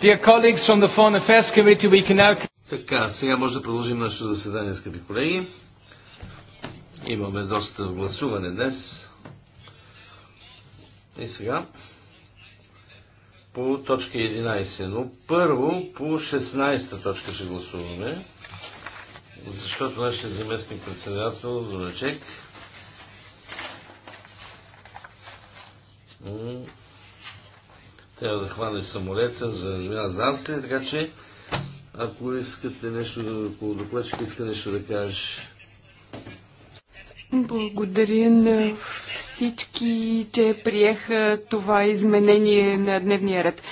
Така, сега може да продължим нашето заседание, скъпи колеги. Имаме доста гласуване днес. И сега по точка 11. Но първо по 16 та точка ще гласуваме, защото нашия заместник председател Донечек трябва да хване самолета за жена за Австрия, така че ако искате нещо, ако докладчик иска нещо да кажеш. Благодаря на всички, че приеха това изменение на дневния ред.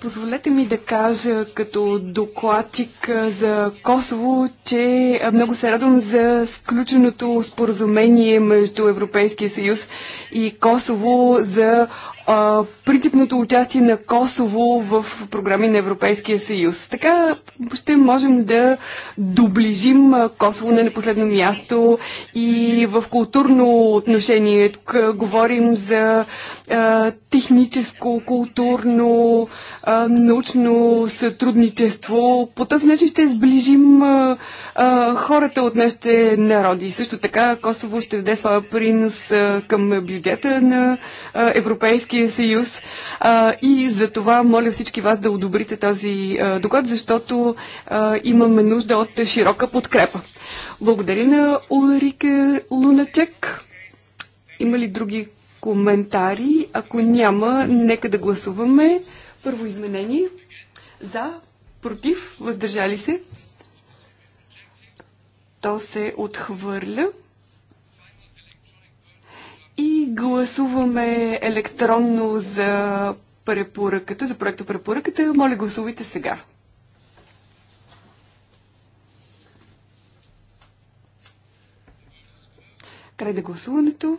Позволете ми да кажа като докладчик за Косово, че много се радвам за сключеното споразумение между Европейския съюз и Косово за а, принципното участие на Косово в програми на Европейския съюз. Така ще можем да доближим Косово на непоследно място и в културно отношение. Тук говорим за а, техническо, културно, а, научно сътрудничество. По този начин ще сближим а, а, хората от нашите народи. Също така Косово ще даде своя принос а, към бюджета на а, Европейския Европейския съюз. А, и за това моля всички вас да одобрите този а, доклад, защото а, имаме нужда от широка подкрепа. Благодаря на Улрике Луначек. Има ли други коментари? Ако няма, нека да гласуваме. Първо изменение. За, против, въздържали се. То се отхвърля. И гласуваме електронно за препоръката, за проекто препоръката. Моля, гласувайте сега. Край на гласуването.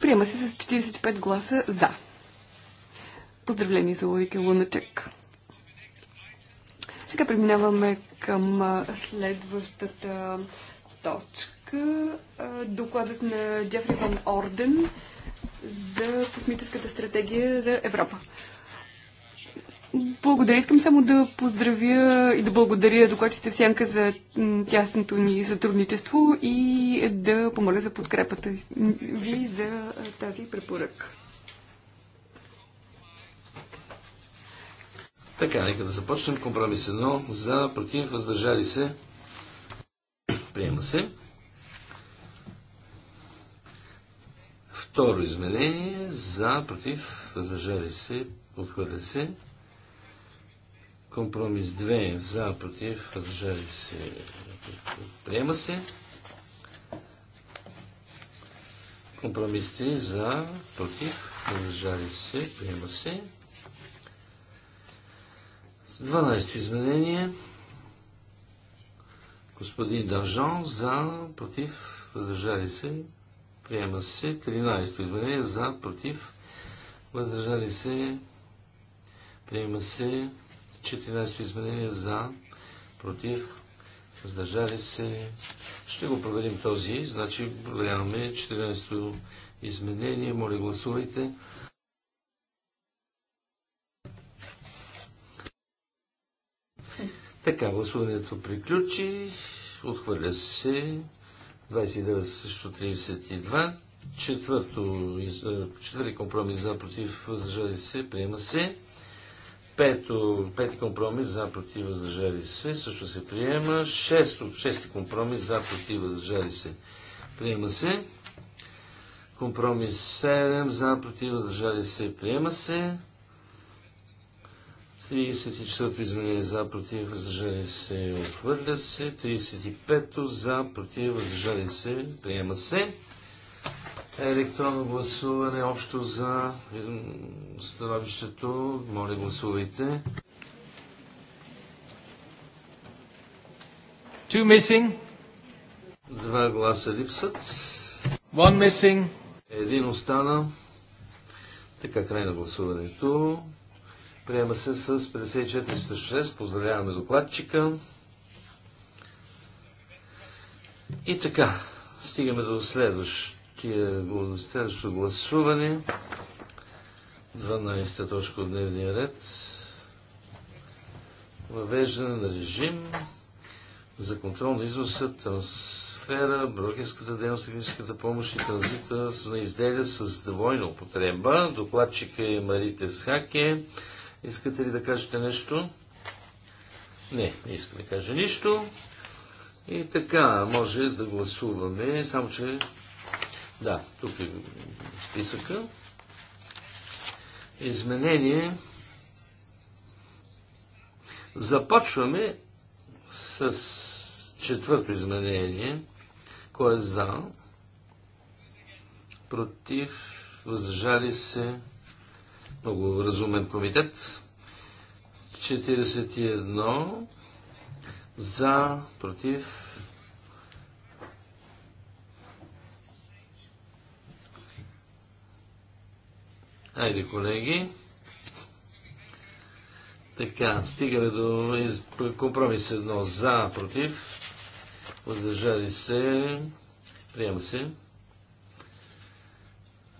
Приема се с 45 гласа за. Поздравление за Луики Луначек. Сега преминаваме към следващата точка докладът на Джефри Ван Орден за космическата стратегия за Европа. Благодаря. Искам само да поздравя и да благодаря докладчите в Сянка за тясното ни сътрудничество и да помоля за подкрепата ви за тази препоръка. Така, нека да започнем. Компромис 1 за, против, въздържали се. Приема се. Второ изменение за, против, въздържали се, отхвърля се. Компромис 2 за, против, въздържали се, приема се. Компромис 3 за, против, въздържали се, приема се. 12 изменение. Господин Държан за, против, въздържали се, Приема се 13-то изменение за, против, въздържали се. Приема се 14-то изменение за, против, въздържали се. Ще го проверим този, значи проверяваме 14-то изменение. Моля, гласувайте. Така, гласуването приключи. Отхвърля се 29 също 32. Четвърто, е, четвърти компромис за против въздържали се, приема се. Пето, пети компромис за против въздържали се, също се приема. Шесто, шести компромис за против въздържали се, приема се. Компромис 7 за против въздържали се, приема се. 34-то изменение за, против, въздържали се, отхвърля се. 35-то за, против, въздържали се, приема се. Електронно гласуване общо за становището. Моля, гласувайте. Two missing. Два гласа липсват. One missing. Един остана. Така, край на гласуването. Приема се с 54-6. Поздравяваме докладчика. И така, стигаме до следващото гласуване. 12 та точка от дневния ред. Въвеждане на режим за контрол на износа, трансфера, брокерската дейност, техническата помощ и транзита на изделия с двойна употреба. Докладчика е Марите Схаке. Искате ли да кажете нещо? Не, не иска да кажа нищо. И така, може да гласуваме, само че... Да, тук е списъка. Изменение. Започваме с четвърто изменение. кое е за? Против? Въздържали се? много разумен комитет. 41 за, против. Айде, колеги. Така, стигаме до компромис едно за, против. Въздържали се. Приема се.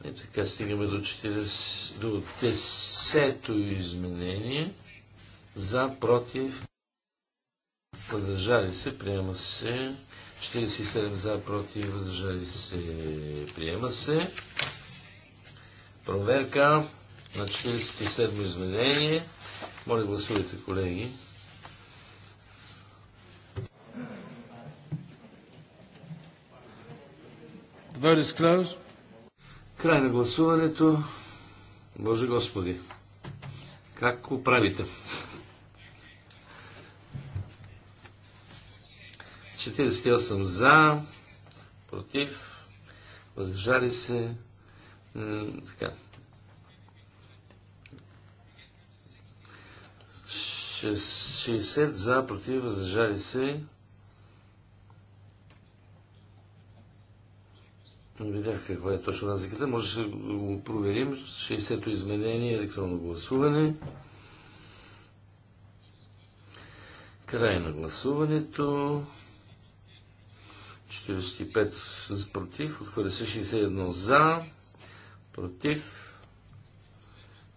И е, така стигаме до, 40, до 10-то изменение. За, против, въздържали се, приема се. 47 за, против, въздържали се, приема се. Проверка на 47 изменение. Моля гласувайте, колеги. The vote is closed. Край на гласуването. Боже Господи, как го правите? 48 за, против, въздържали се. Е, така. 60 за, против, въздържали се. Видях ами каква е точно разликата. Може да го проверим. 60-то изменение, електронно гласуване. Край на гласуването. 45 против, отхвърля се 61 за, против,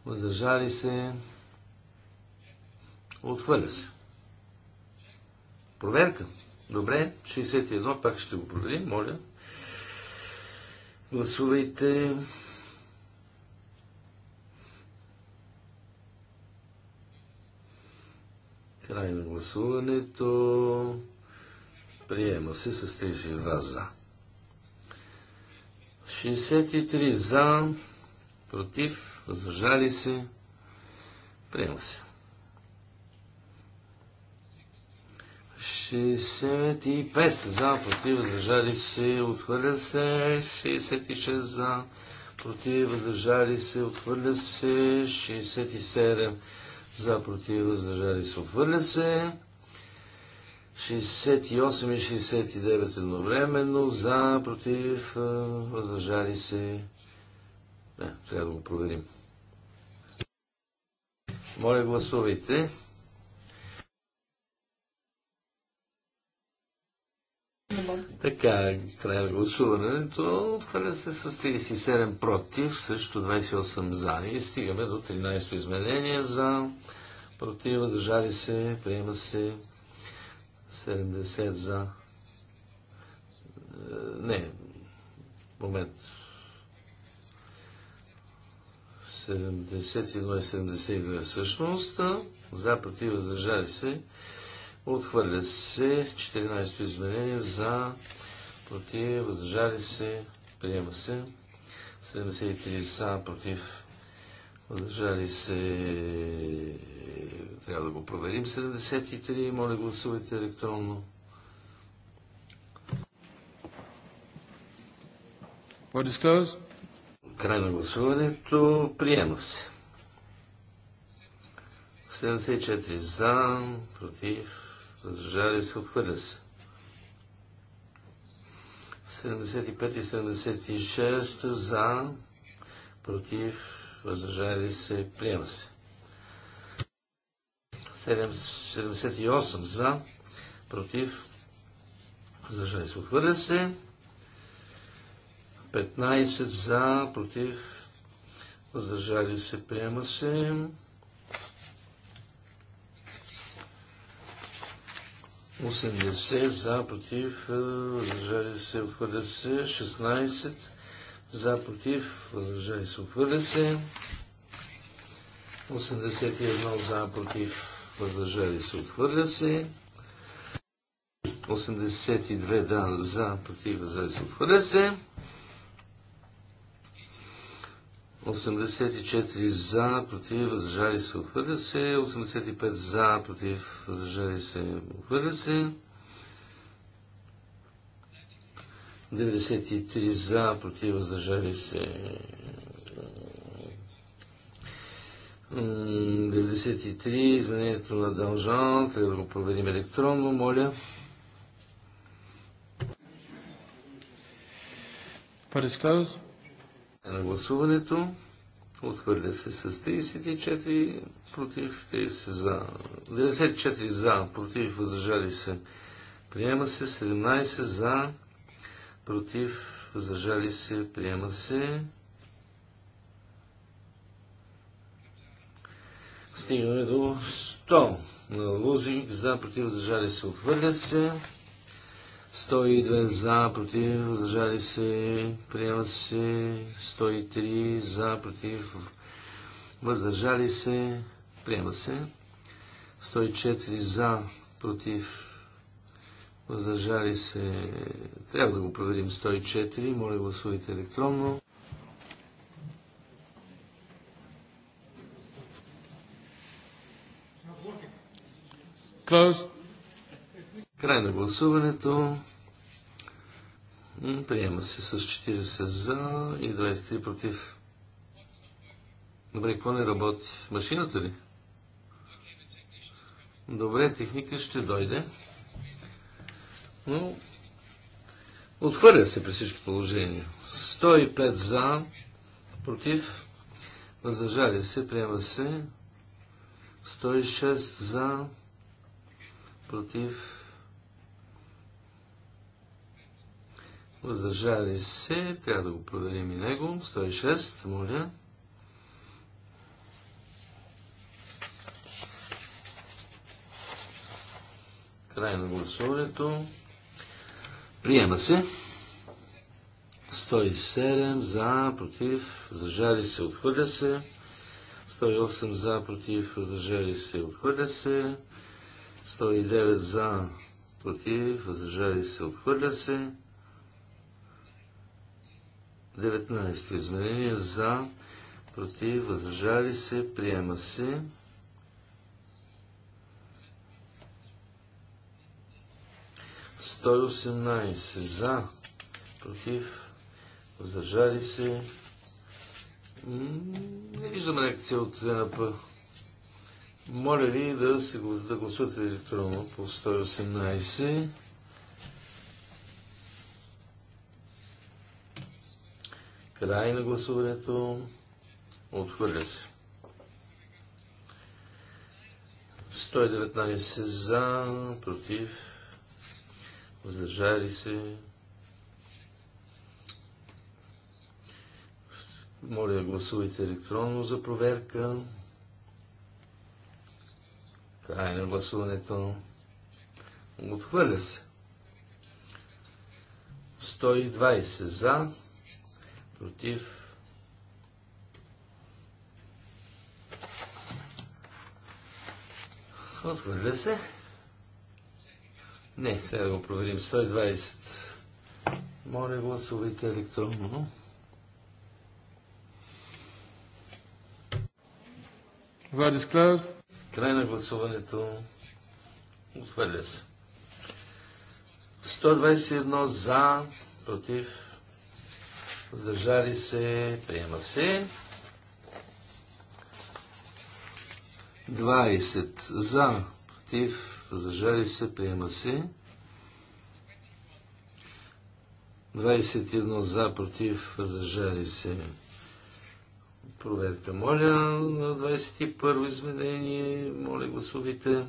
въздържали се, отхвърля се. Проверка. Добре, 61, пак ще го проверим, моля. Гласувайте. Край на гласуването. Приема се с 32 за. 63 за, против, въздържали се. Приема се. 65 за, против, въздържали се, отхвърля се. 66 за, против, въздържали се, отхвърля се. 67 за, против, въздържали се, отхвърля се. 68 и 69 едновременно, за, против, въздържали се. Не, трябва да го проверим. Моля, гласувайте. Така, края на гласуването. Отхвърля се с 37 против, също 28 за. И стигаме до 13-то изменение за против, въздържали се, приема се 70 за. Е, не, момент. 71 и 72 всъщност. За, против, въздържали се. Отхвърля се 14-то изменение за против, въздържали се, приема се. 73 са против, въздържали се, трябва да го проверим. 73, моля гласувайте електронно. Край на гласуването. Приема се. 74 за, против, Задържали се, отхвърля се. 75 и 76 за, против, въздържали се, приема се. 78 за, против, въздържали се, отхвърля се. 15 за, против, въздържали се, приема се. 80 е, за, против, въздържали се, отхвърля се. 16 за, против, въздържали се, отхвърля се. 81 за, против, въздържали се, отхвърля се. 82 да, за, против, въздържали се, отхвърля се. 84 за, против, въздържали се, отхвърля се. 85 за, против, въздържали се, отхвърля се. 93 за, против, въздържали се. 93, изменението на Дължан, трябва да го проверим електронно, моля. Парисклаус на гласуването. Отхвърля се с 34 против, 30 за. 94 за, против, въздържали се. Приема се 17 за, против, въздържали се. Приема се. Стигаме до 100 на лозинг за, против, въздържали се. Отхвърля се. 102 за, против, въздържали се, приема се. 103 за, против, въздържали се, приема се. 104 за, против, въздържали се. Трябва да го проверим 104. Моля, гласувайте електронно. Closed. Край на гласуването. Приема се с 40 за и 23 против. Добре, какво не работи? Машината ли? Добре, техника ще дойде. Но отхвърля се при всички положения. 105 за, против, въздържали се, приема се. 106 за, против, Въздържали се. Трябва да го проверим и него. 106, моля. Край на гласуването. Приема се. 107 за, против, зажали се, отхвърля се. 108 за, против, зажали се, отхвърля се. 109 за, против, зажали се, отхвърля се. 19 изменение за, против, въздържали се, приема се. Сто за, против, въздържали се. Не виждам реакция от ЕНП. Моля ви да, се, да гласувате електронно по 118. Край на гласуването. Отхвърля се. 119 за, против, въздържали се. Моля, гласувайте електронно за проверка. Край на гласуването. Отхвърля се. 120 за, против, Отвърля се. Не, сега да го проверим. 120. Моля, гласувайте електронно. Край на гласуването. Отвърля се. 121 за, против въздържали се, приема се. 20 за, против, въздържали се, приема се. 21 за, против, въздържали се. Проверка, моля, на 21 изменение. Моля, гласувайте.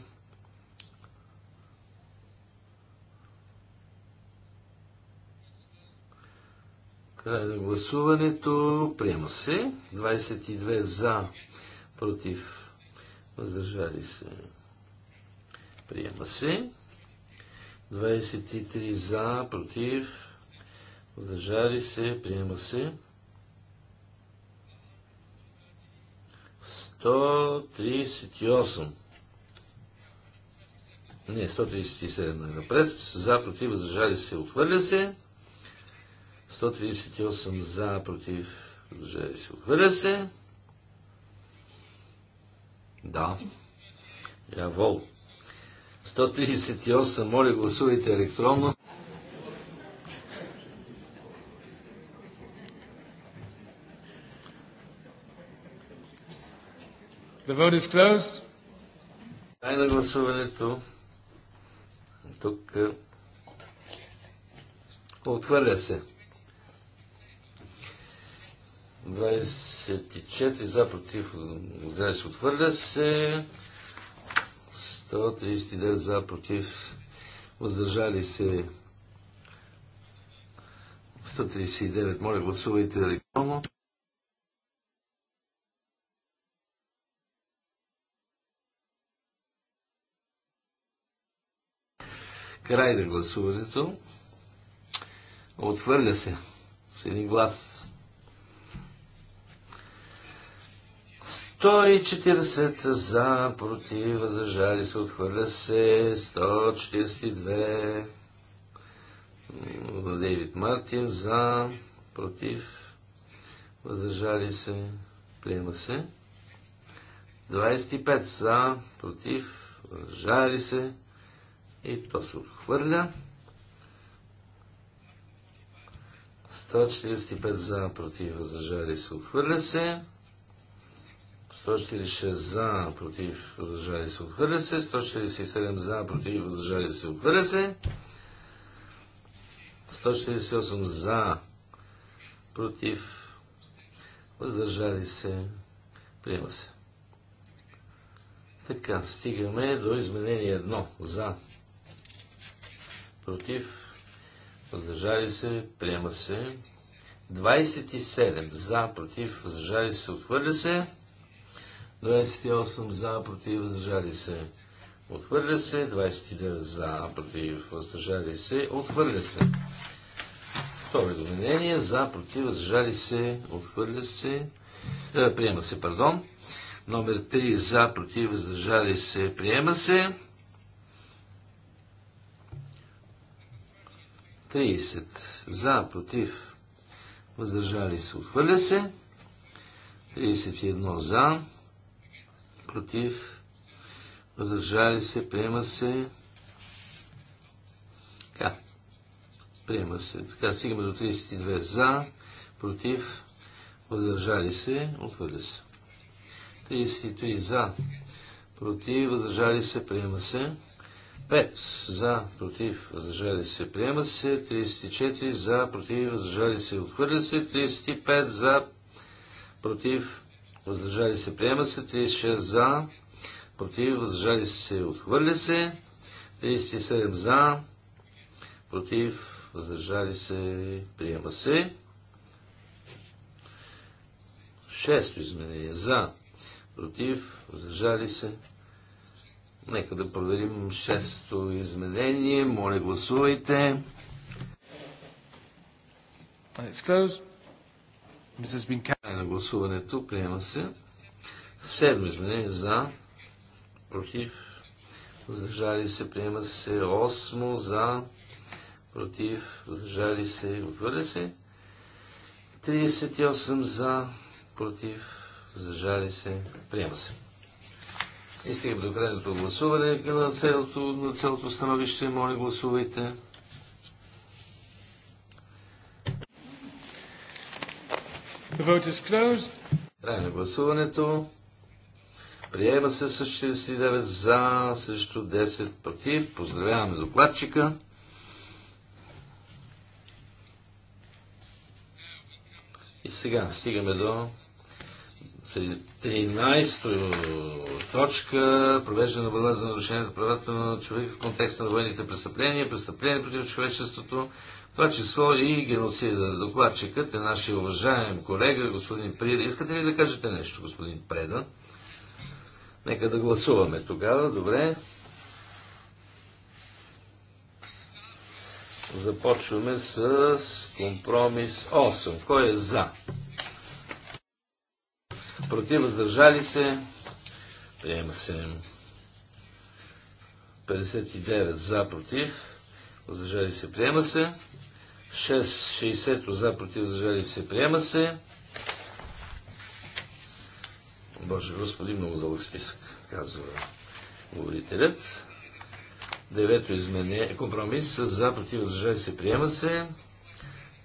Е, гласуването. Приема се. 22 за, против, въздържали се. Приема се. 23 за, против, въздържали се. Приема се. 138. Не, 137 е напред. За, против, въздържали се, отхвърля се. 138 за, против, въздържали се, отхвърля се. Да. Явол. 138, моля гласувайте електронно. The vote is closed. Край на гласуването. Тук е, отхвърля се. 24 за, против, въздържали се, отвърля се. 139 за, против, въздържали се. 139, моля, гласувайте електронно. Край на гласуването. Отвърля се с един глас. 140 за, против, въздържали се, отхвърля се, 142 Дейвид Мартин за, против, въздържали се, приема се. 25 за, против, въздържали се и то се отхвърля. 145 за, против, въздържали се, отхвърля се. 146 за, против, въздържали се, отхвърля се. 147 за, против, въздържали се, отхвърля се. 148 за, против, въздържали се, приема се. Така, стигаме до изменение 1. За, против, въздържали се, приема се. 27 за, против, въздържали се, отхвърля се. 28 за, против, въздържали се. Отхвърля се. 29 за, против, въздържали се. Отхвърля се. Второ изменение. За, против, въздържали се. Отхвърля се. Е, приема се, пардон. Номер 3 за, против, въздържали се. Приема се. 30 за, против, въздържали се. Отхвърля се. 31 за, против, въздържали се, приема се. Така, приема се. Така, стигаме до 32 за, против, въздържали се, отхвърля се. 33 за, против, въздържали се, приема се. 5 за, против, въздържали се, приема се. 34 за, против, въздържали се, отхвърля се. 35 за, против, въздържали се, приема се, 36 за, против, въздържали се, отхвърля се, 37 за, против, въздържали се, приема се. Шесто изменение. За, против, въздържали се. Нека да проверим шесто изменение. Моля, гласувайте. Край на гласуването. Приема се. Седми изменение за. Против. Въздържали се. Приема се. Осмо за. Против. Въздържали се. Отвърля се. 38 за. Против. Въздържали се. Приема се. И стигаме до крайното гласуване на цялото, на цялото становище. Моля, гласувайте. The vote is closed. Край на гласуването. Приема се с 49 за, срещу 10 против. Поздравяваме докладчика. И сега стигаме до 13 точка. Провеждане на борба за нарушението правата на човека в контекста на военните престъпления, престъпления против човечеството, това число и геноцида. Докладчикът е нашия уважаем колега, господин Преда. Искате ли да кажете нещо, господин Преда? Нека да гласуваме тогава. Добре. Започваме с компромис 8. Кой е за? Против, въздържали се. Приема се. 59 за, против. Въздържали се, приема се. 660 за против зажали се приема се. Боже Господи, много дълъг списък, казва говорителят. Девето изменение. Компромис за против въздържали се приема се.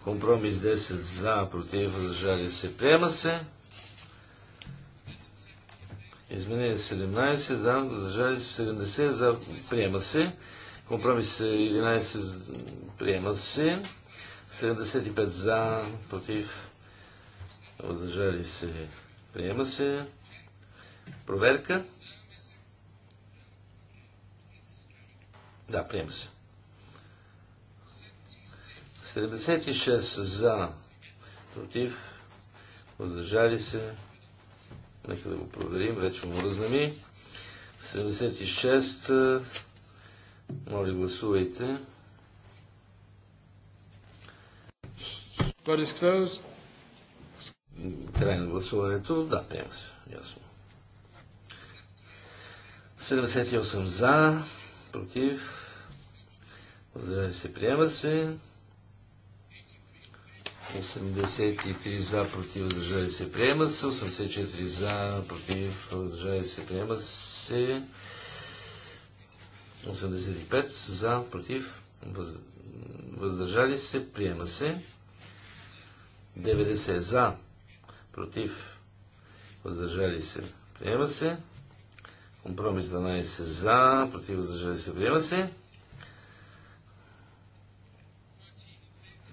Компромис 10 за против зажали се приема се. Изменение 17 за въздържали се 70 за приема се. Компромис 11 приема се. 75 за, против, въздържали се, приема се. Проверка. Да, приема се. 76 за, против, въздържали се. Нека да го проверим, вече му разнами. 76. Моля, гласувайте. Трайно is closed. Край на гласуването. Да, приема се. Ясно. 78 за, против, въздържали се, приема се. 83 за, против, въздържали се, приема се. 84 за, против, въздържали се, приема се. 85 за, против, въздържали се, приема се. 90 за, против, въздържали се, приема се. Компромис 12 за, против, въздържали се, приема се.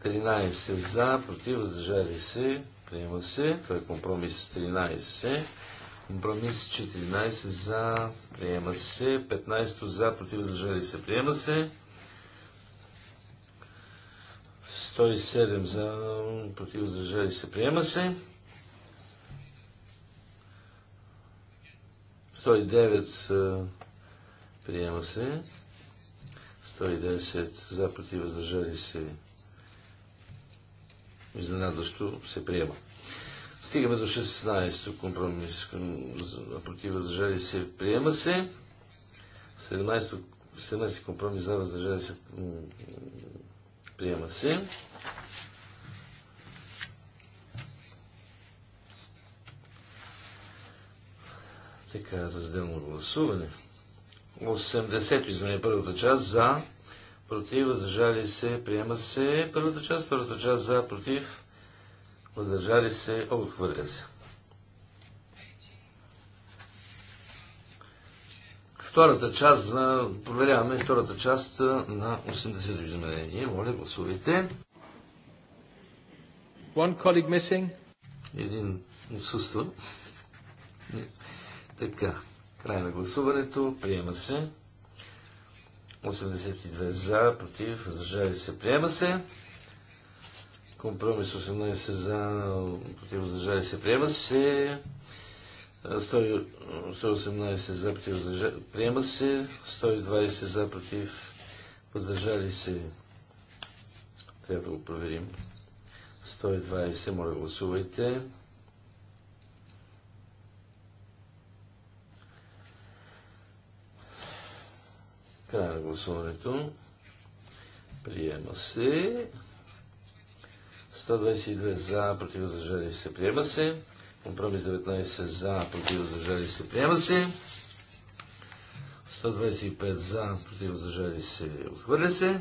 13 за, против, въздържали се, приема се. Това е компромис 13. Компромис 14 за, приема се. 15 за, против, въздържали се, приема се. 107 за, против въздържали се, приема се. 109 приема се. 110 за, против въздържали се. Изненадващо се приема. Стигаме до 16 компромис. Против въздържали се, приема се. 17, 17 компромис за въздържали се Приема се. Така, разделно гласуване. 80-то първата част, за, против, въздържали се, приема се. Първата част, втората част, за, против, въздържали се, отхвърля се. Втората част за... Проверяваме втората част на 80-то изменение. Моля, гласувайте. One colleague missing. Един отсъства. Така. Край на гласуването. Приема се. 82 за, против, въздържали се. Приема се. Компромис 18 за, против, въздържали се. Приема се. 118 за против Приема се. 120 за против въздържали се. Трябва да го проверим. 120. Моля, гласувайте. Край на гласуването. Приема се. 122 за, против въздържали се. Приема се. Компромис 19 за, против, въздържали се, приема се. 125 за, против, въздържали се, отхвърля се.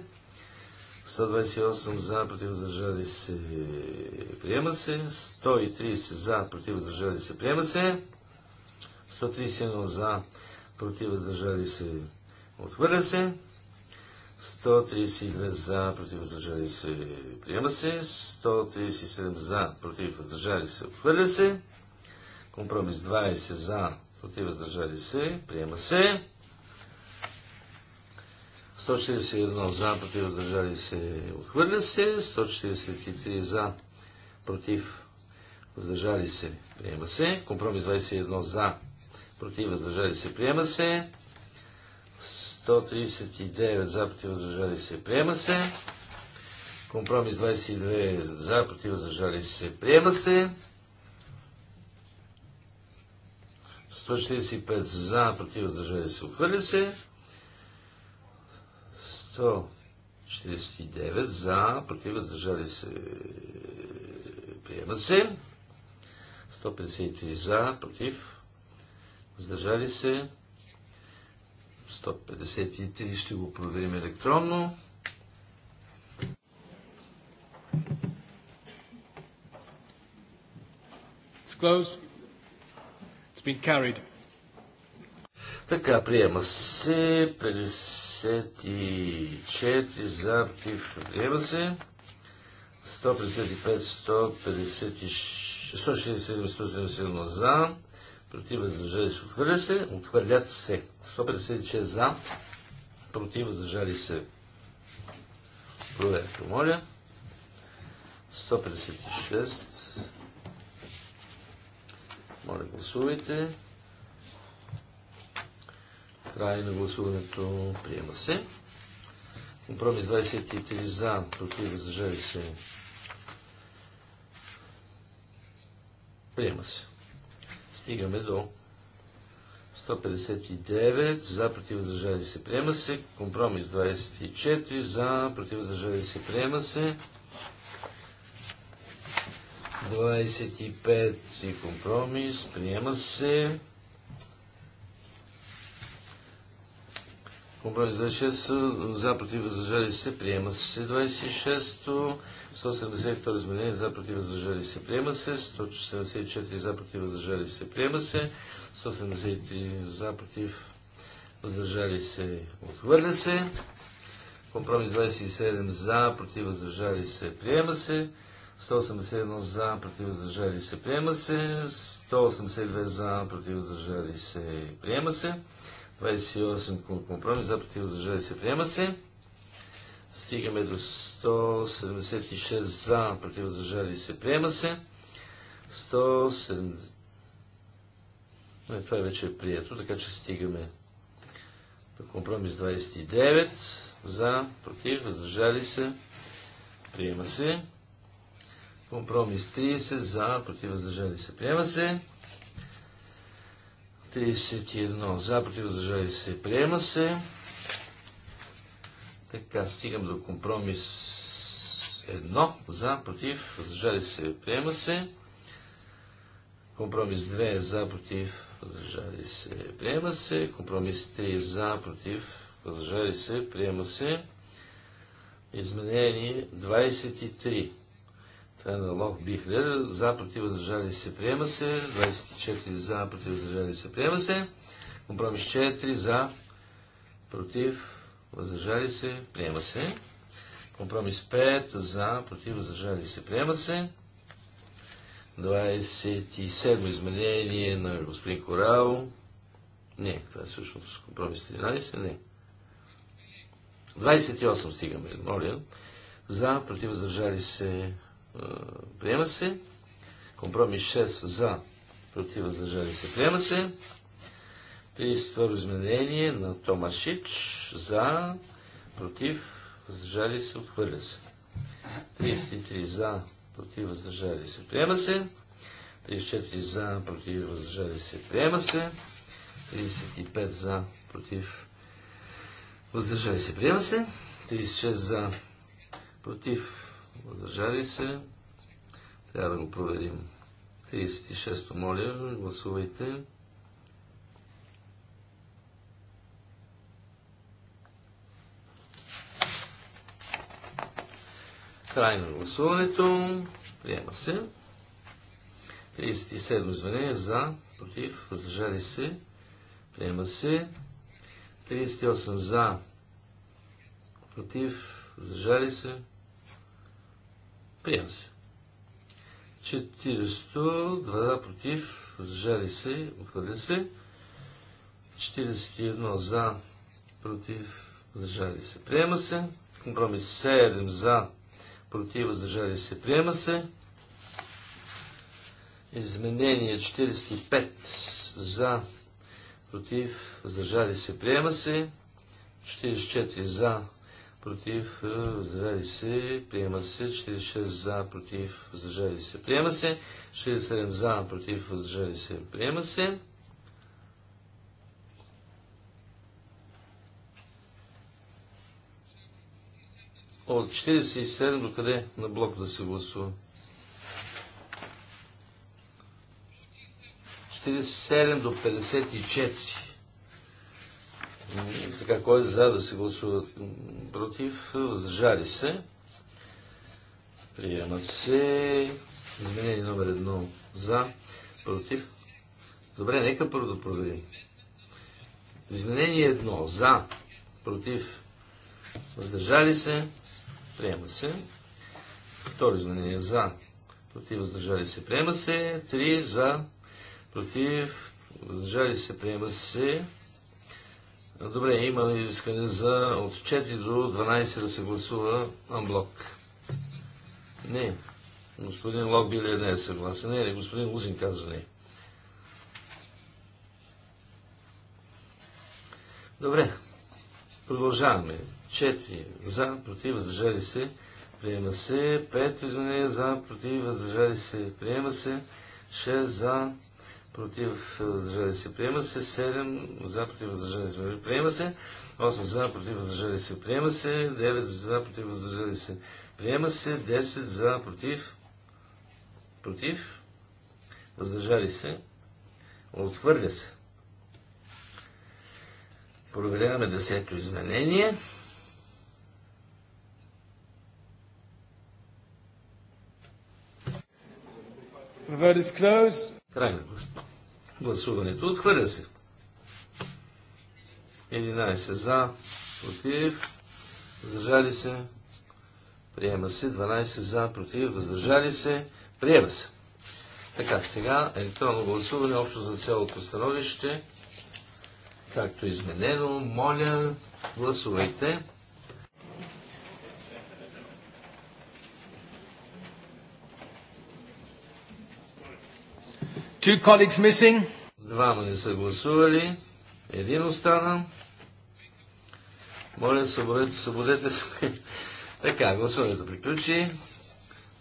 128 за, против, въздържали се, приема се. 130 за, против, въздържали се, приема се. 131 за, против, въздържали се, отхвърля се. 132 за, против въздържали се, приема се. 137 за, против въздържали се, отхвърля се. Компромис 20 за, против въздържали се, приема се. 141 за, против въздържали се, отхвърля се. 143 за, против въздържали се, приема се. Компромис 21 за, против въздържали се, приема се. 139 за против въздържали се. Приема се. Компромис 22 за против въздържали се. Приема се. 145 за против въздържали се. Отхвърля се. 149 за против въздържали се. Приема се. 153 за против. Въздържали се. 153 ще го проверим електронно. It's closed. It's been carried. Така, приема се 54 за, против, приема се 155, 156, 167, 177 за, против, въздържали се, отхвърля се, отхвърлят се. 156 за, против, въздържали се. Проверка, моля. 156. Моля, гласувайте. Край на гласуването приема се. Компромис 23 за, против, въздържали се. Приема се. Стигаме до 159 за, против се, приема се. Компромис 24 за, против се, приема се. 25 и компромис, приема се. Компромис 26 за, против се, приема се 26. 172 изменения за против въздържали се приема се. 174 за против въздържали се приема се. 173 за против въздържали се отхвърля се. Компромис 27 за против въздържали се приема се. 181 за против въздържали се приема се. 182 за против въздържали се приема се. 28 компромис за против въздържали се приема се. Стигаме до 176 за, против въздържали се, приема се. 170... Не, това е вече е прието, така че стигаме до компромис 29 за, против, въздържали се, приема се. Компромис 30 за, против, въздържали се, приема се. 31 за, против, въздържали се, приема се. Така, стигам до компромис едно, за, против, въздържали се, приема се. Компромис 2 за, против, въздържали се, приема се. Компромис 3 за, против, въздържали се, приема се. Изменение 23. Това е на Лох Бихлер. За, против, въздържали се, приема се. 24 за, против, въздържали се, приема се. Компромис 4 за, против, въздържали се, приема се. Компромис 5 за, против, въздържали се, приема се. 27 изменение на господин Корал. Не, това е всъщност компромис 13. Не. 28 стигаме, моля. За, против, въздържали се, приема се. Компромис 6 за, против, въздържали се, приема се действа изменение на Томашич за, против, въздържали се, отхвърля се. 33 за, против, въздържали се, приема се. 34 за, против, въздържали се, приема се. 35 за, против, въздържали се, приема се. 36 за, против, въздържали се. Трябва да го проверим. 36 моля, гласувайте. Край на гласуването. Приема се. 37 изменение за, против, въздържали се. Приема се. 38 за, против, въздържали се. Приема се. 42 2 против, въздържали се, отхвърля се. 41 за, против, въздържали се. Приема се. Компромис 7 за, против, въздържали се, приема се. Изменение 45 за, против, въздържали се, приема се. 44 за, против, въздържали се, приема се. 46 за, против, въздържали се, приема се. 67 за, против, въздържали се, приема се. От 47 до къде на блок да се гласува? 47 до 54. Така, кой е за да се гласува против? Въздържали се. Приемат се. Изменение номер едно за, против. Добре, нека първо да проверим. Изменение едно за, против. Въздържали се. Приема се. Второ изменение за. Против въздържали се. Приема се. Три за. Против въздържали се. Приема се. Добре, има искане за от 4 до 12 да се гласува анблок. Не. Господин Лок, Локбилия е не е съгласен. Не, не, господин Лузин казва не. Добре. Продължаваме. 4 за, против, въздържали се, приема се. 5 изменение за, против, въздържали се, приема се. 6 за, против, въздържали се, приема се. 7 за, против, въздържали се, приема се. 8 за, против, въздържали се, приема се. 9 за, против, въздържали се, приема се. 10 за, против, против, въздържали се, отхвърля се. Проверяваме десето изменение. Край на гласуването. Отхвърля се. 11 за, против, въздържали се, приема се. 12 за, против, въздържали се, приема се. Така, сега електронно гласуване общо за цялото становище, както е изменено. Моля, гласувайте. Two colleagues missing. Двама не са гласували. Един остана. Моля, събудете, събудете се. така, гласуването приключи.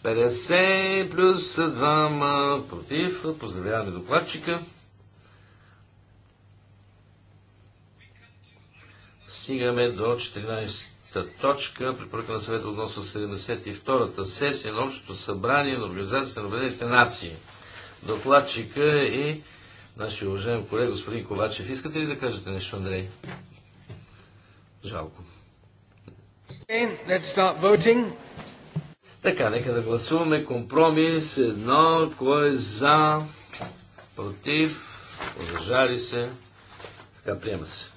50 плюс 2 против. Поздравяваме докладчика. Стигаме до 14-та точка. Препоръка на съвета относно 72-та сесия на Общото събрание на Организацията на Обединените нации – докладчика и нашия уважаем колега господин Ковачев. Искате ли да кажете нещо, Андрей? Жалко. Okay, така, нека да гласуваме компромис. Едно, кой е за, против, въздържали се. Така, приема се.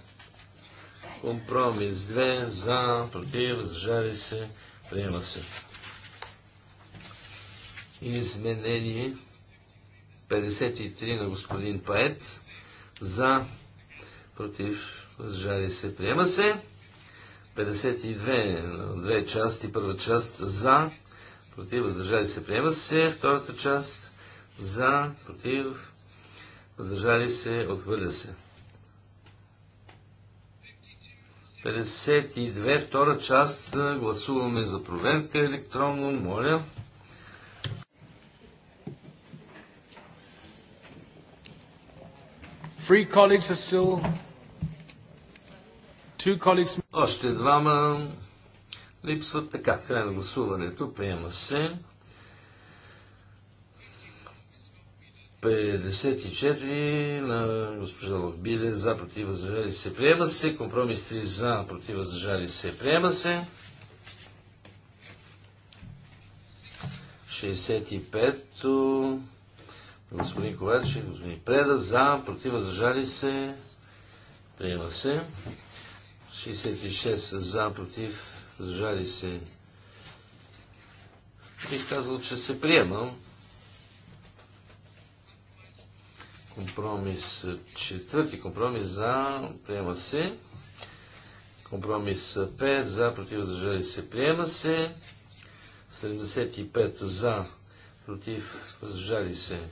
Компромис 2, за, против, въздържали се, приема се. Изменение 53 на господин Пает. За, против, въздържали се, приема се. 52 на две части, първа част за, против, въздържали се, приема се. Втората част за, против, въздържали се, отхвърля се. 52, втора част, гласуваме за проверка електронно, моля. Three colleagues are still... Two colleagues... Още двама липсват така. Край на гласуването. Приема се. 54 на госпожа Лобиле за против въздържали се приема се. Компромис 3 за против въздържали се приема се. 65 господин Ковачев, господин Преда, за, против, въздържали се, приема се. 66 за, против, въздържали се. Бих казал, че се приема. Компромис, четвърти компромис за, приема се. Компромис 5 за, против, въздържали се, приема се. 75 за, против, въздържали се,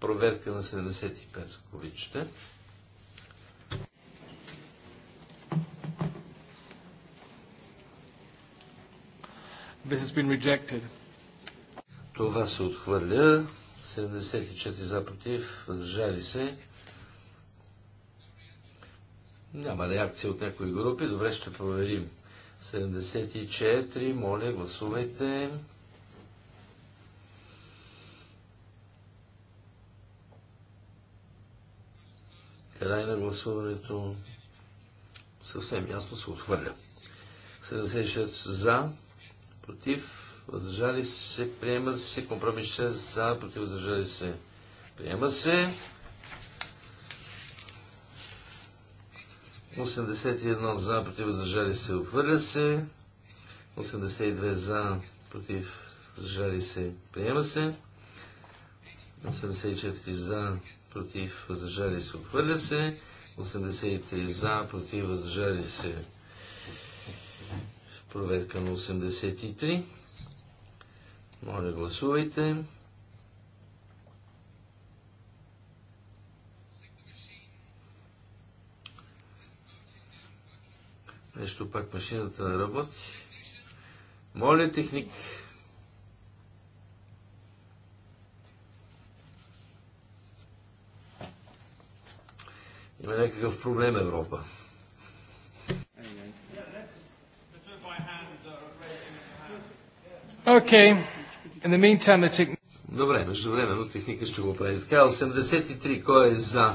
проверка на 75, кубичета. This has been rejected. Това се отхвърля. 74 за против, въздържали се. Няма реакция от някои групи. Добре, ще проверим. 74, моля, гласувайте. Край на гласуването. Съвсем ясно се отхвърля. 76 за, против, въздържали се, приема се, компромис 6 за, против, въздържали се, приема се. 81 за, против, въздържали се, отхвърля се. 82 за, против, въздържали се, приема се. 84 за, против, въздържали се, отхвърля се. 83 за, против, въздържали се. Проверка на 83. Моля, гласувайте. Нещо пак машината не работи. Моля, техник. Има някакъв проблем Европа. Okay. In the meantime, the techn... Добре, междувременно техника ще го прави. Така, 83, кой е за?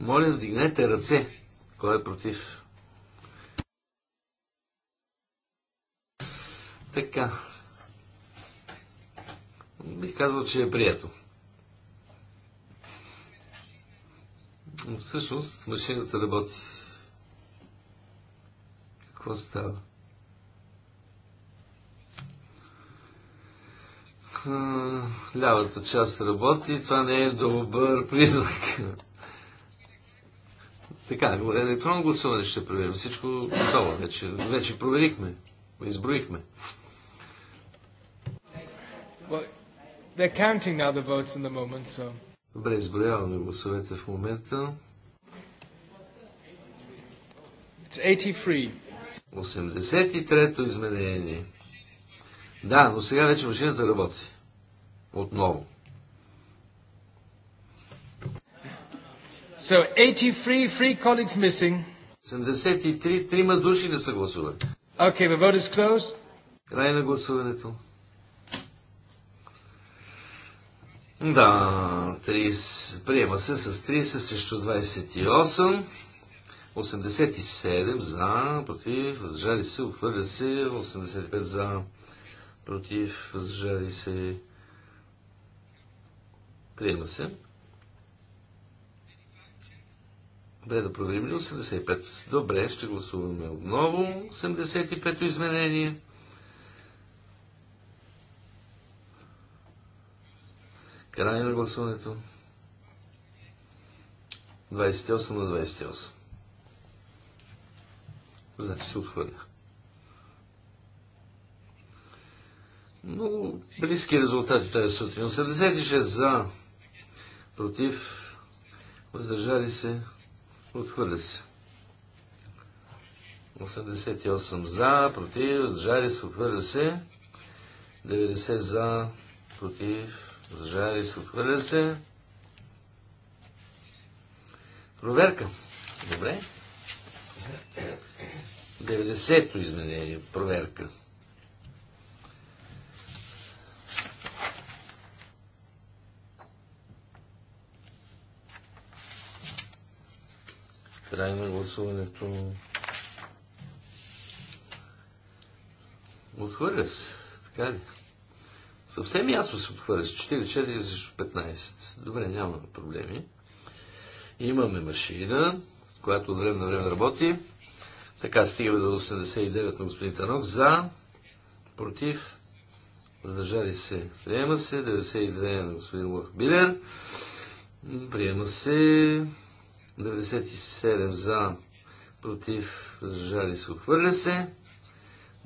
Моля, вдигнете ръце. Кой е против? Така. Бих казал, че е прието. Всъщност машината работи. Какво става? Лявата част работи, това не е добър признак. Така, електронно гласуване ще проверим. Всичко готово вече. Вече проверихме. Изброихме. Well, they're counting now the votes in the moment, so... Добре, изброяваме гласовете в момента. 83-то изменение. Да, но сега вече машината работи. Отново. So 83 three colleagues missing. 73 трима души не са гласували. Okay, the vote is closed. Край на гласуването. Да, 30, приема се с 30 срещу 28. 87 за, против, въздържали се, отхвърля се, 85 за, против, въздържали се, приема се. Добре, да проверим ли 85? Добре, ще гласуваме отново 85-то изменение. Край на гласуването. 28 на 28. Значи се отхвърля. Много близки резултати тази сутрин. 86 за, против, въздържали се, отхвърля се. 88 за, против, въздържали се, отхвърля се. 90 за, против, ли се, отхвърля се. Проверка. Добре. 90-то изменение. Проверка. Край на гласуването. Отхвърля се. Така ли? Съвсем ясно се отхвърля с 44 е срещу 15. Добре, нямаме проблеми. Имаме машина, която от време на време работи. Така стигаме до 89 на господин Танок. За, против, въздържали се, приема се. 92 на господин Лох Билер. Приема се. 97 за, против, въздържали се, отхвърля се.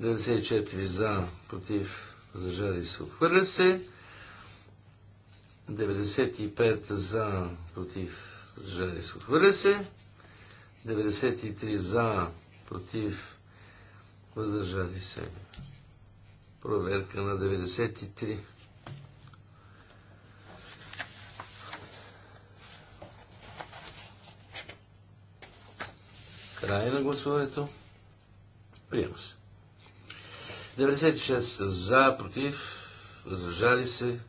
94 за, против, въздържали се, отхвърля се. 95 за, против, въздържали се, отхвърля се. 93 за, против, въздържали се. Проверка на 93. Край на гласуването. Приема се. 96 за, против, въздържали се.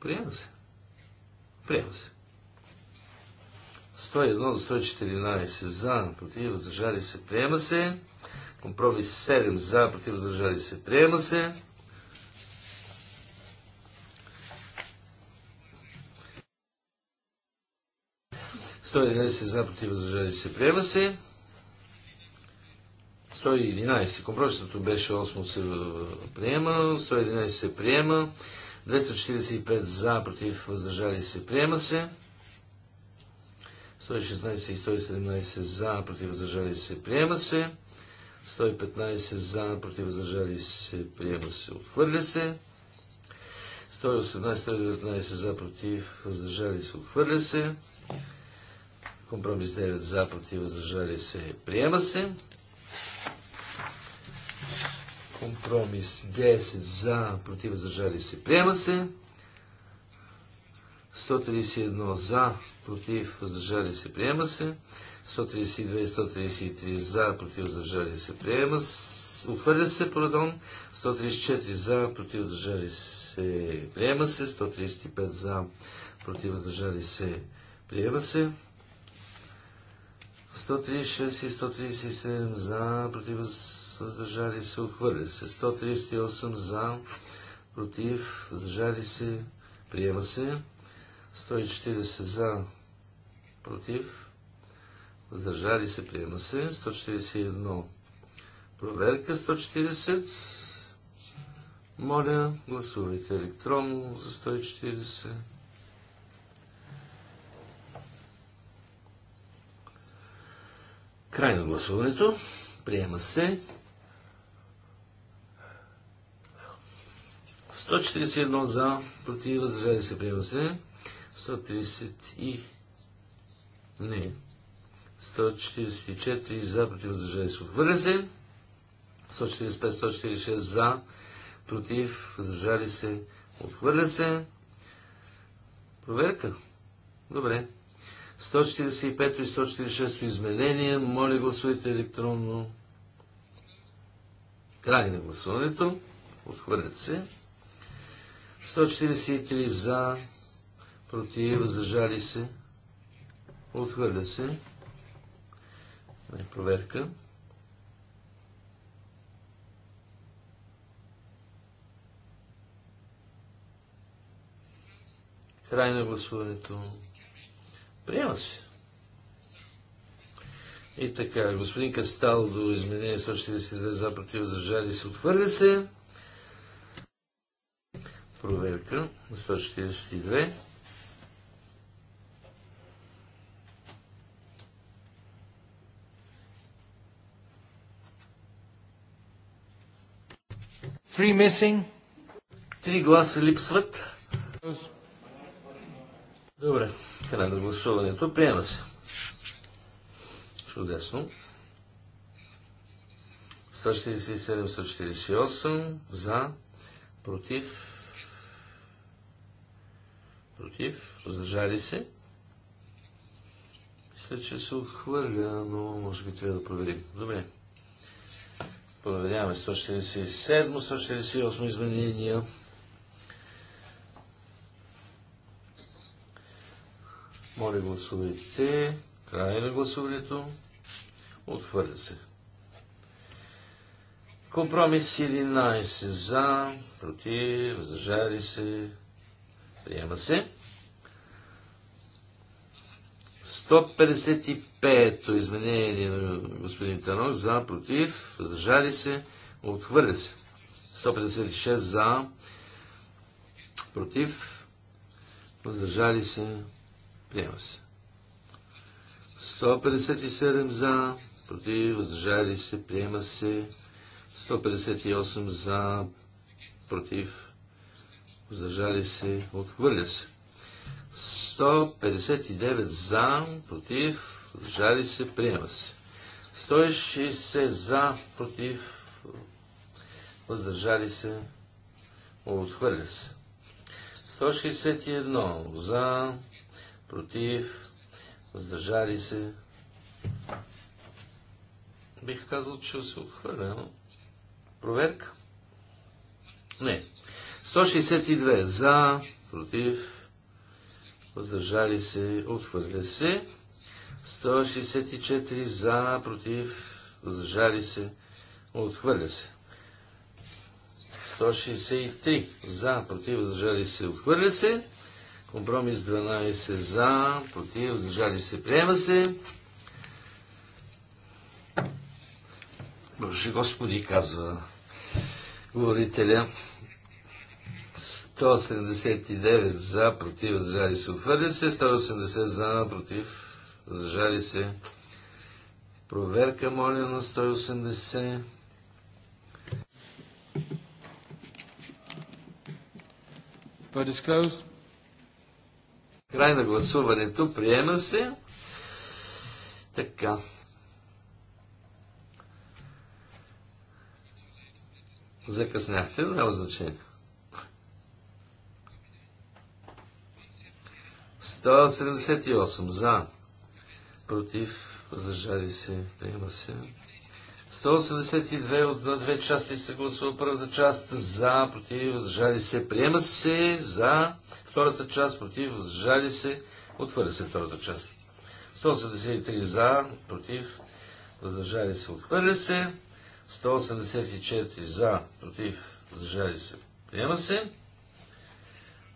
Приема се. Приема се. 101 до 114 за, против, въздържали се, приема се. Компромис 7 за, против, въздържали се, приема се. Сто за, против, въздържали се, приема се. 111. Компромисното беше 8 се приема, 111 се приема, 245 за, против, въздържали се, приема се. 116 и 117 за, против, въздържали се, приема се. 115 за, против, въздържали се, приема се, отхвърля се. 118, 119 за, против, въздържали се, отхвърля се. Компромис 9 за, против, въздържали се, приема се. Компромис 10 за, против, въздържали се, приема се. 131 за, против, въздържали се, приема се. 132 133 за, против, въздържали се, приема се. Отвърля се, продон. 134 за, против, въздържали се, приема се. 135 за, против, въздържали се, приема се. 136 и 137 за, против, въздържали се въздържали се, отхвърля се. 138 за, против, въздържали се, приема се. 140 за, против, въздържали се, приема се. 141 проверка, 140. Моля, гласувайте електронно за 140. Край на гласуването. Приема се. 141 за, против, въздържали се, приема се. 130 и... Не. 144 за, против, въздържали се, отхвърля се. 145, 146 за, против, въздържали се, отхвърля се. Проверка. Добре. 145 и 146 изменение. Моля, гласувайте електронно. Край на гласуването. Отхвърлят се. 143 за, против, въздържали се, отхвърля се. Не, нали, проверка. Край на гласуването. Приема се. И така, господин Касталдо, изменение 142 за против, въздържали се, отхвърля се. Проверка. на 142. Three missing. Три гласа липсват. Добре, край на гласуването. Приема се. Чудесно. 147-148 за, против против, въздържали се. Мисля, че се отхвърля, но може би трябва да проверим. Добре. Проверяваме 147, 168 изменения. Моля гласувайте. Край на гласуването. Отхвърля се. Компромис 11 за, против, въздържали се, Приема се. 155-то изменение на господин Танов за, против, въздържали се, отхвърля се. 156 за, против, въздържали се, приема се. 157 за, против, въздържали се, приема се. 158 за, против, Зажали се, отхвърля се. 159 за, против, въздържали се, приема се. 160 за, против, въздържали се, отхвърля се. 161 за, против, въздържали се. Бих казал, че се отхвърля, но проверка. Не. 162 за, против, въздържали се, отхвърля се. 164 за, против, въздържали се, отхвърля се. 163 за, против, въздържали се, отхвърля се. Компромис 12 за, против, въздържали се, приема се. Боже Господи, казва говорителя. 179 за, против, въздържали се, отхвърля се. 180 за, против, въздържали се. Проверка, моля, на 180. Край на гласуването. Приема се. Така. Закъсняхте, но няма значение. 178 за, против, въздържали се, приема се. 182 от на две части се гласува първата част за, против, въздържали се, приема се, за, втората част, против, въздържали се, отхвърля се втората част. 183 за, против, въздържали се, отхвърля се. 184 за, против, въздържали се, приема се.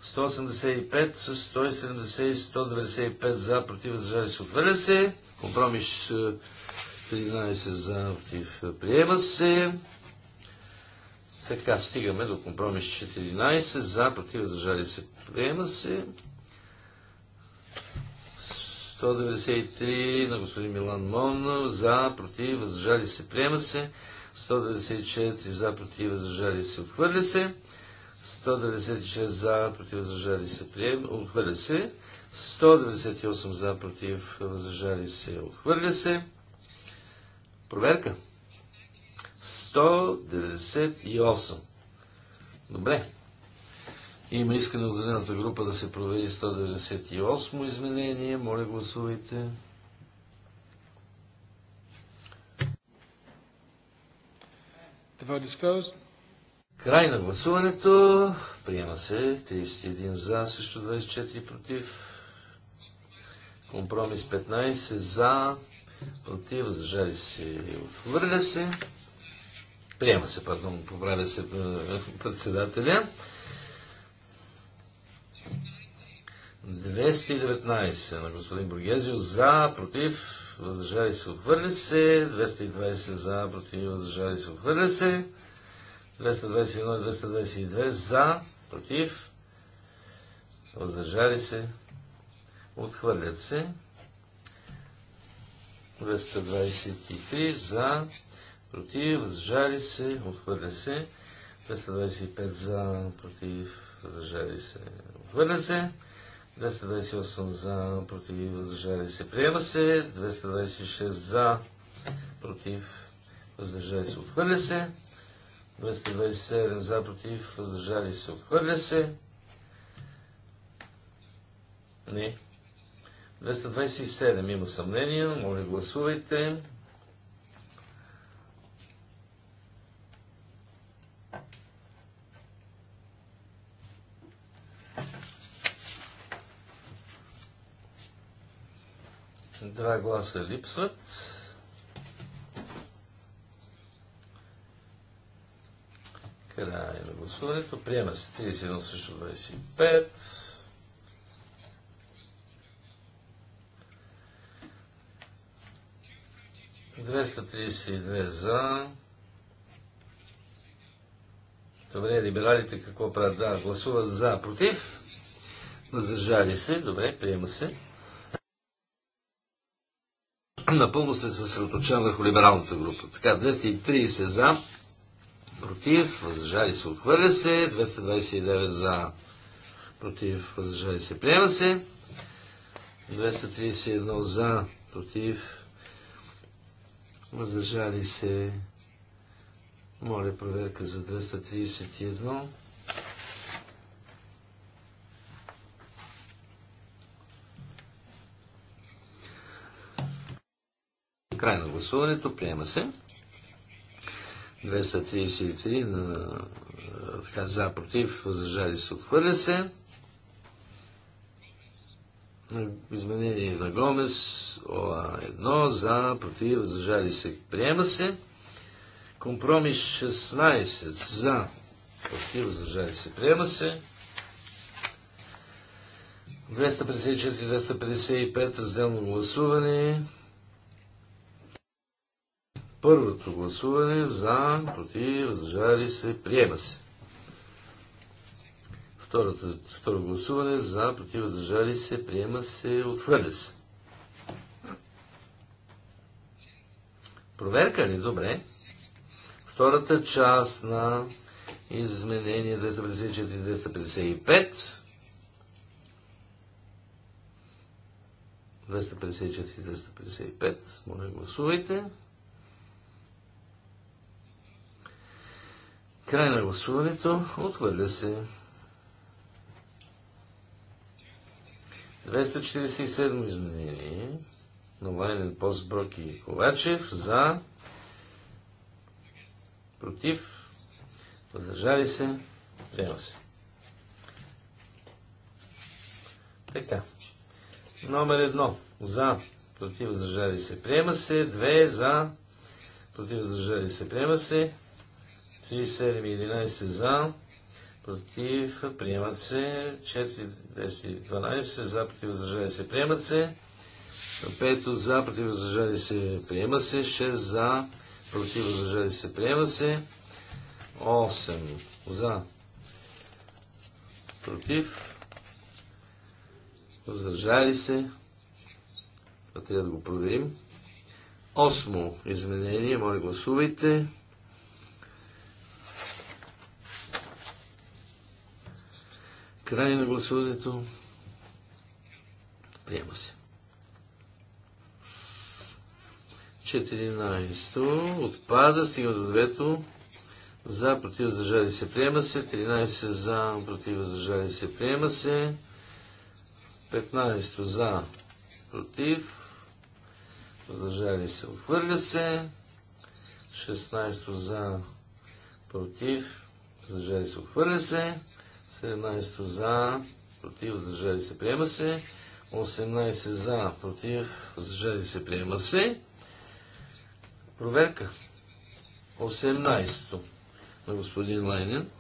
185 с 170 и 195 за, против, въздържали се, отвърля се. Компромис 13 е, за, против, приема се. Така, стигаме до компромис 14 за, против, въздържали се, приема се. 193 на господин Милан Мон за, против, въздържали се, приема се. 194 за, против, въздържали се, отхвърля се. 196 за, против, възражали се, прием, отхвърля се. 198 за, против, възражали се, отхвърля се. Проверка. 198. Добре. Има искане от зелената група да се провери 198 изменение. Моля, гласувайте. The vote is closed. Край на гласуването. Приема се 31 за, също 24 против. Компромис 15 за, против, въздържали се, и отхвърля се. Приема се, пардон, поправя се е, председателя. 219 на господин Бургезио за, против, въздържали се, отвърля се. 220 за, против, въздържали се, отхвърля се. 221 и 222 за, против, въздържали се, отхвърлят се. 223 за, против, въздържали се, отхвърля се. 225 за, против, въздържали се, отхвърля се. 228 за, против, въздържали се, приема се. 226 за, против, въздържали се, отхвърля се. 227 за, против, въздържали се, отхвърля се. Не. 227 има съмнение, моля гласувайте. Два гласа липсват. Край на гласуването. Приема се 31 също 25. 232 за. Добре, либералите какво правят? Да, гласуват за, против. Въздържали се. Добре, приема се. Напълно се съсредоточава върху либералната група. Така, 230 за против, въздържали се, отхвърля се. 229 за, против, въздържали се, приема се. 231 за, против, въздържали се. Моля проверка за 231. Край на гласуването. Приема се. 233 на така, за, против, въздържали се, отхвърля се. Изменение на Гомес, ОА1, за, против, въздържали се, приема се. Компромис 16, за, против, въздържали се, приема се. 254-255, разделно гласуване. Първото гласуване за, против, въздържали се, приема се. второ гласуване за, против, въздържали се, приема се, отхвърля се. Проверка ли? Добре. Втората част на изменение 254-255. 254-255. Моля, гласувайте. Край на гласуването. Отхвърля се. 247 изменение. Новайнен постброк и Ковачев за против въздържали се. Приема се. Така. Номер едно. За. Против въздържали се. Приема се. Две. За. Против въздържали се. Приема се. 37 и 11 за, против, приемат се. 4, 10 и 12 за, против, възражали се, приемат се. 5 за, против, възражали се, приема се. 6 за, против, възражали се, приема се. 8 за, против, въздържали се. трябва да го проверим. Осмо изменение, моля гласувайте. Край на гласуването. Приема се. 14 отпада, стига до двето. за, против, въздържали се, приема се. 13 за, против, въздържали се, приема се. 15 за, против, въздържали се, отхвърля се. 16 за, против, въздържали се, отхвърля се. 17 за, против, въздържали се, приема се. 18 за, против, въздържали се, приема се. Проверка. 18 на господин Лайнен.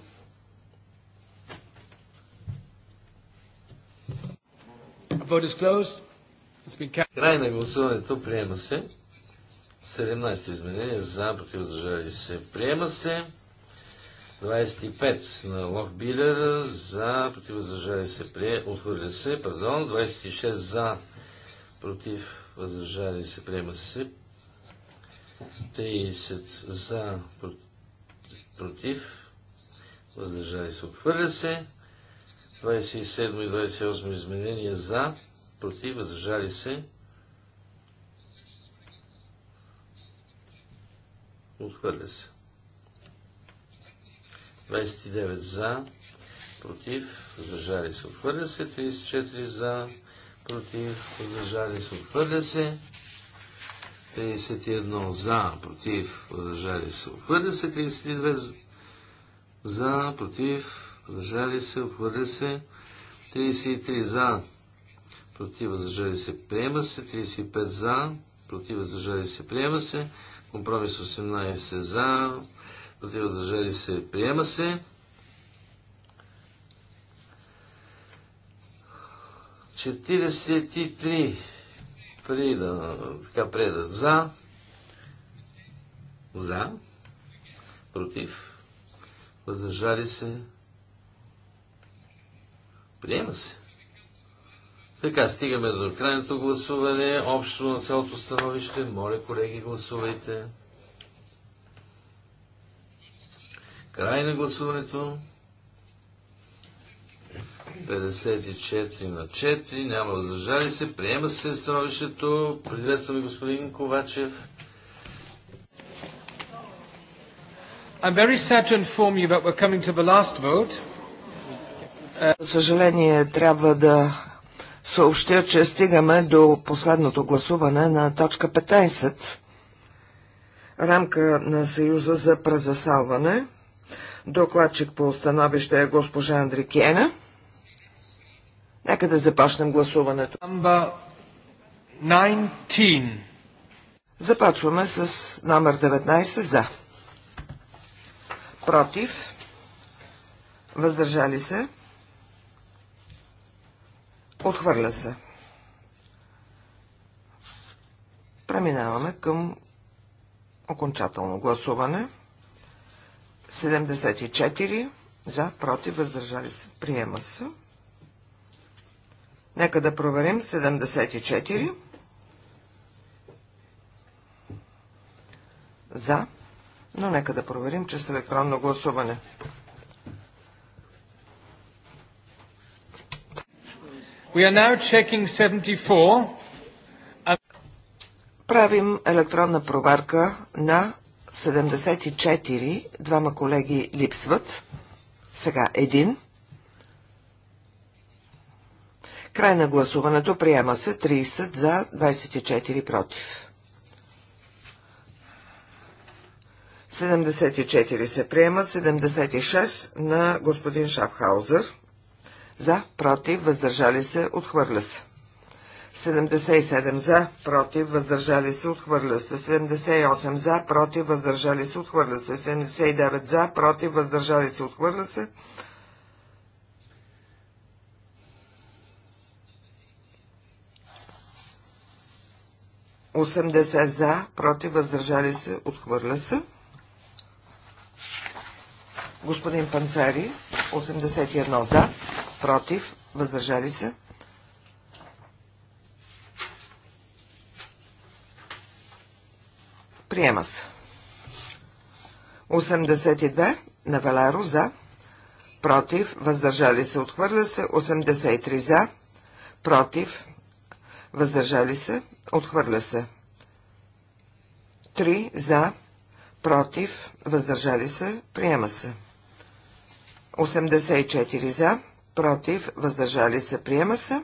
Край на гласуването приема се. 17 изменение за, против, въздържали се, приема се. 25 на Лохбилер за, против въздържали се, прие, отхвърля се, пардон, 26 за, против въздържали се, приема се, 30 за, против, въздържали се, отхвърля се, 27 и 28 изменения за, против, въздържали се, отхвърля се. 29 за, против, въздържали се, отхвърля се. 34 за, против, въздържали се, отхвърля се. 31 за, против, въздържали се, отхвърля се. 32 за, против, въздържали се, отхвърля се. 33 за, против, въздържали се, приема се. 35 за, против, въздържали се, приема се. Компромис 18 за, против въздържали се, приема се. 43 да така преда за, за, против, въздържали се, приема се. Така, стигаме до крайното гласуване, общо на цялото становище. Моля, колеги, гласувайте. Край на гласуването. 54 на 4. Няма въздържали се. Приема се становището. Приветстваме господин Ковачев. I'm very sad to inform you that we're coming to the last vote. За съжаление, трябва да съобщя, че стигаме до последното гласуване на точка 15 рамка на Съюза за презасалване. Докладчик по установище е госпожа Андрикена. Нека да започнем гласуването. 19. Започваме с номер 19 за. Против. Въздържали се. Отхвърля се. Преминаваме към окончателно гласуване. 74 за, против, въздържали се, приема се. Нека да проверим 74 за, но нека да проверим, че с електронно гласуване. We are now checking 74. Правим електронна проверка на 74. Двама колеги липсват. Сега един. Край на гласуването приема се 30 за 24 против. 74 се приема, 76 на господин Шапхаузер. За, против, въздържали се, отхвърля се. 77 за, против, въздържали се, отхвърля се. 78 за, против, въздържали се, отхвърля се. 79 за, против, въздържали се, отхвърля се. 80 за, против, въздържали се, отхвърля се. Господин Панцари, 81 за, против, въздържали се. Приема се. 82 на за. Против. Въздържали се. Отхвърля се. 83 за. Против. Въздържали се. Отхвърля се. 3 за. Против. Въздържали се. Приема се. 84 за. Против. Въздържали се. Приема се.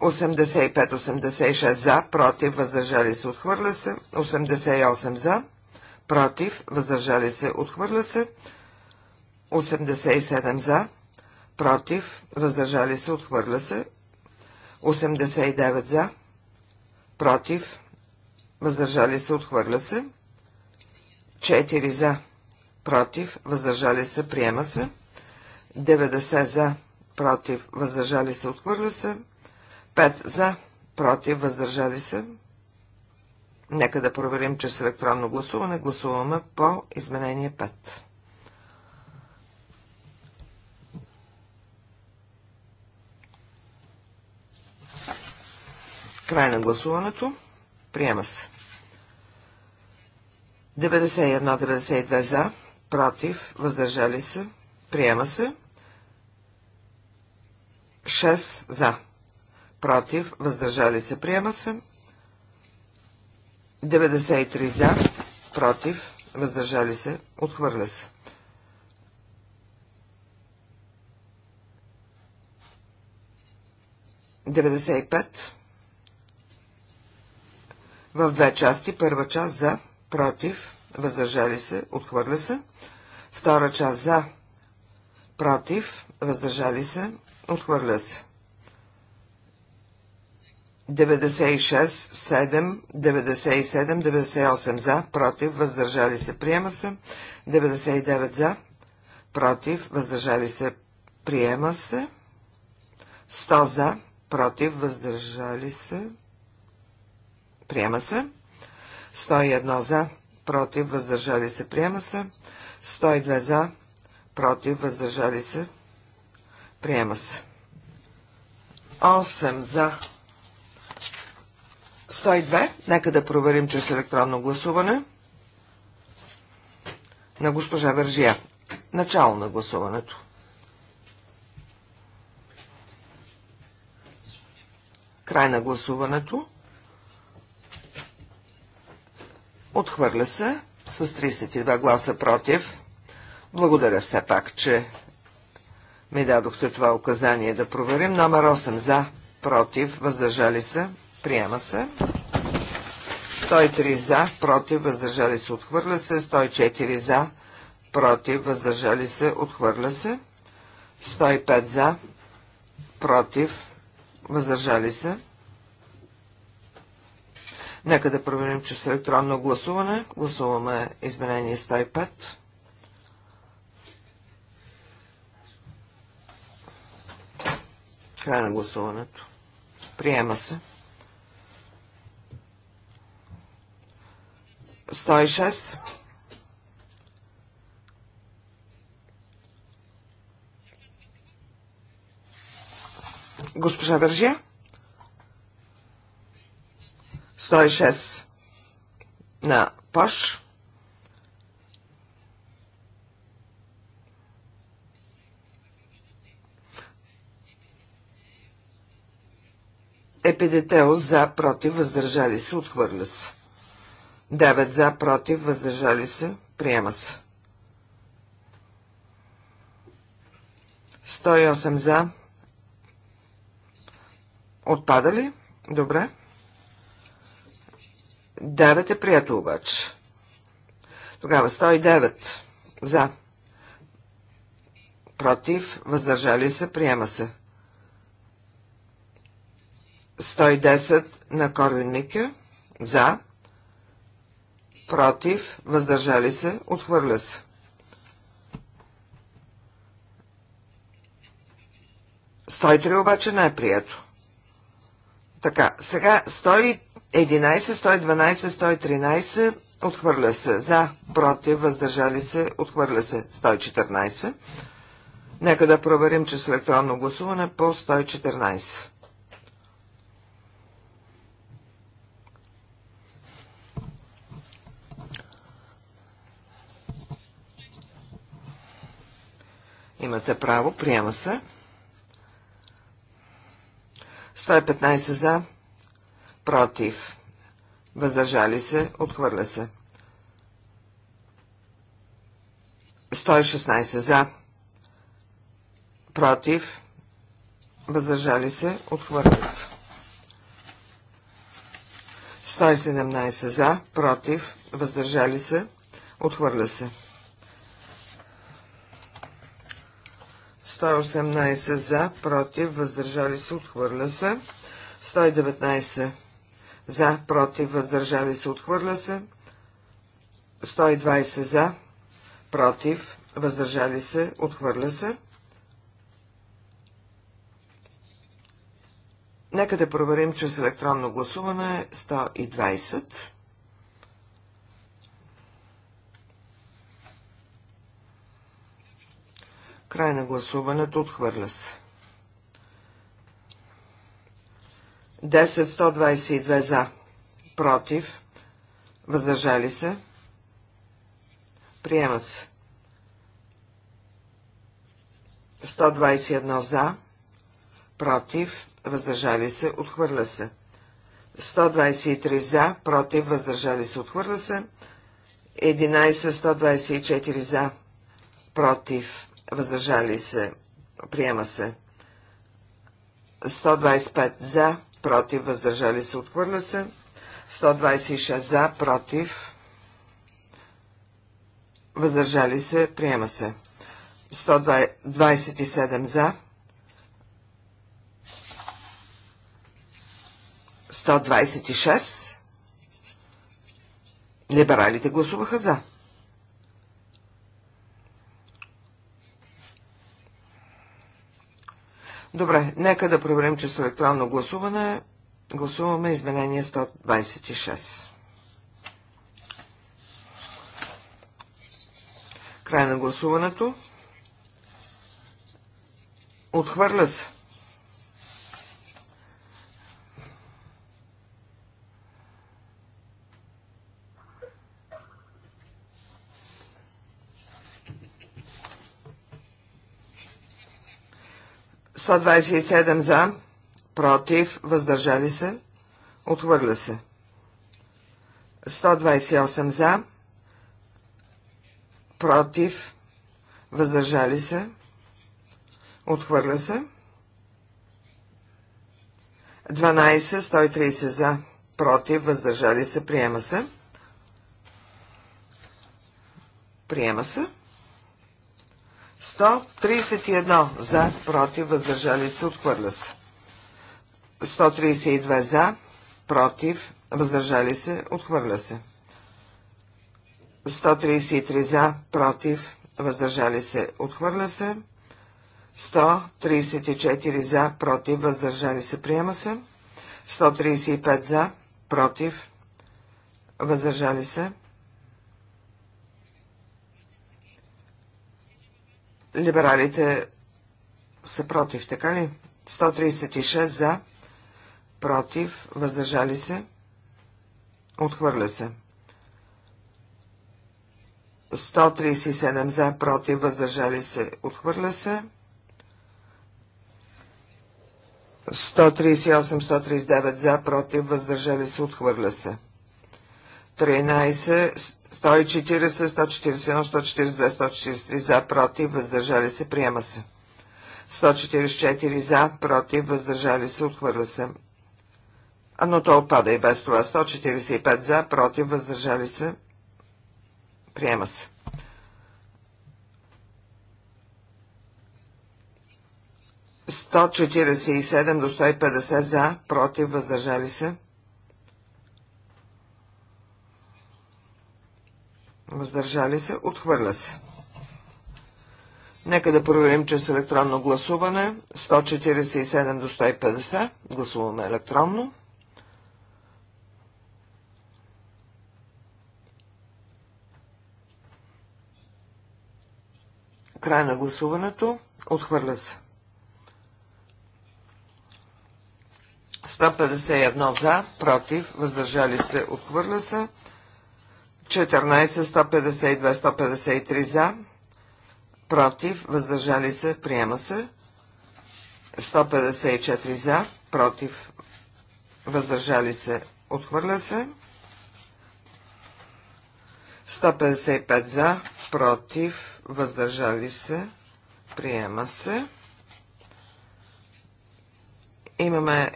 85-86 за, против, въздържали се, отхвърля се. 88 за, против, въздържали се, отхвърля се. 87 за, против, въздържали се, отхвърля се. 89 за, против, въздържали се, отхвърля се. 4 за, против, въздържали се, приема се. 90 за, против, въздържали се, отхвърля се. 5 за, против, въздържали се. Нека да проверим, че с електронно гласуване гласуваме по изменение 5. Край на гласуването. Приема се. 91-92 за, против, въздържали се. Приема се. 6 за против, въздържали се, приема се. 93 за, против, въздържали се, отхвърля се. в две части. Първа част за, против, въздържали се, отхвърля се. Втора част за, против, въздържали се, отхвърля се. 96, 7, 97, 98 за, против, въздържали се, приема се. 99 за, против, въздържали се, приема се. 100 за, против, въздържали се, приема се. 101 за, против, въздържали се, приема се. 102 за, против, въздържали се, приема се. 8 за, 102. Нека да проверим чрез електронно гласуване на госпожа Вържия. Начало на гласуването. Край на гласуването. Отхвърля се с 32 гласа против. Благодаря все пак, че ми дадохте това указание да проверим. Номер 8 за, против, въздържали се, приема се. 103 за, против, въздържали се, отхвърля се. 104 за, против, въздържали се, отхвърля се. 105 за, против, въздържали се. Нека да проверим, че с електронно гласуване гласуваме изменение 105. Край на гласуването. Приема се. 106. Госпожа Вържия. 106 на Пош. Епидетел за, против, въздържали се, отхвърля се. 9 за, против, въздържали се, приема се. 108 за. Отпада ли? Добре. 9 е прието обаче. Тогава 109 за. Против, въздържали се, приема се. 110 на Корвин Микю. За против, въздържали се, отхвърля се. Стой три обаче не е прието. Така, сега 111, 112, 113 отхвърля се. За, против, въздържали се, отхвърля се 114. Нека да проверим, че с електронно гласуване по 114. Имате право. Приема се. 115 за. Против. Въздържали се. Отхвърля се. 116 за. Против. Въздържали се. Отхвърля се. 117 за. Против. Въздържали се. Отхвърля се. 118 за, против, въздържали се, отхвърля се. 119 за, против, въздържали се, отхвърля се. 120 за, против, въздържали се, отхвърля се. Нека да проверим че с електронно гласуване 120. Край на гласуването. Отхвърля се. 10-122 за. Против. Въздържали се. Приема се. 121 за. Против. Въздържали се. Отхвърля се. 123 за. Против. Въздържали се. Отхвърля се. 11-124 за. Против въздържали се, приема се. 125 за, против, въздържали се, отхвърля се. 126 за, против, въздържали се, приема се. 127 за, 126. Либералите гласуваха за. Добре, нека да проверим, че с електронно гласуване гласуваме изменение 126. Край на гласуването. Отхвърля се. 127 за, против, въздържали се, отхвърля се. 128 за, против, въздържали се, отхвърля се. 12, 130 за, против, въздържали се, приема се. Приема се. 131 за, против, въздържали се, отхвърля се. 132 за, против, въздържали се, отхвърля се. 133 за, против, въздържали се, отхвърля се. 134 за, против, въздържали се, приема се. 135 за, против, въздържали се, Либералите са против, така ли? 136 за, против, въздържали се, отхвърля се. 137 за, против, въздържали се, отхвърля се. 138-139 за, против, въздържали се, отхвърля се. 13, 140, 142, 143 за, против, въздържали се, приема се. 144 за, против, въздържали се, отхвърля се. но то опада и без това. 145 за, против, въздържали се, приема се. Сто и седем до сто и за, против, въздържали се. въздържали се, отхвърля се. Нека да проверим, че с електронно гласуване 147 до 150 гласуваме електронно. Край на гласуването. Отхвърля се. 151 за, против, въздържали се, отхвърля се. 14, 152, 153 за, против, въздържали се, приема се. 154 за, против, въздържали се, отхвърля се. 155 за, против, въздържали се, приема се. Имаме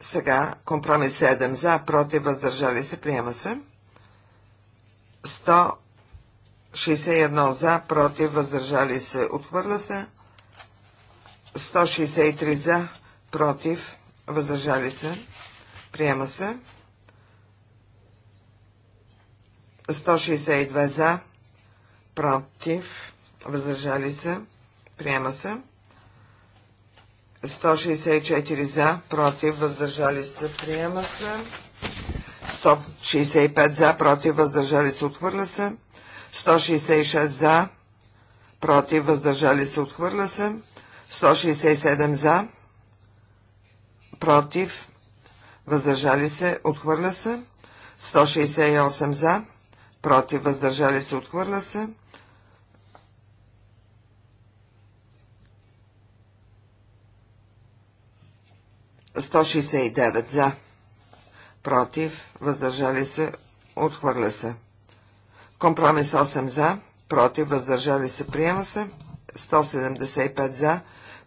сега компромис 7 за, против, въздържали се, приема се. 161 за, против, въздържали се, отхвърля се. 163 за, против, въздържали се, приема се. 162 за, против, въздържали се, приема се. 164 за, против, въздържали се, приема се. 165 за, против, въздържали се, отхвърля се. 166 за, против, въздържали се, отхвърля се. 167 за, против, въздържали се, отхвърля се. 168 за, против, въздържали се, отхвърля се. 169 за против, въздържали се, отхвърля се. Компромис 8 за, против, въздържали се, приема се. 175 за,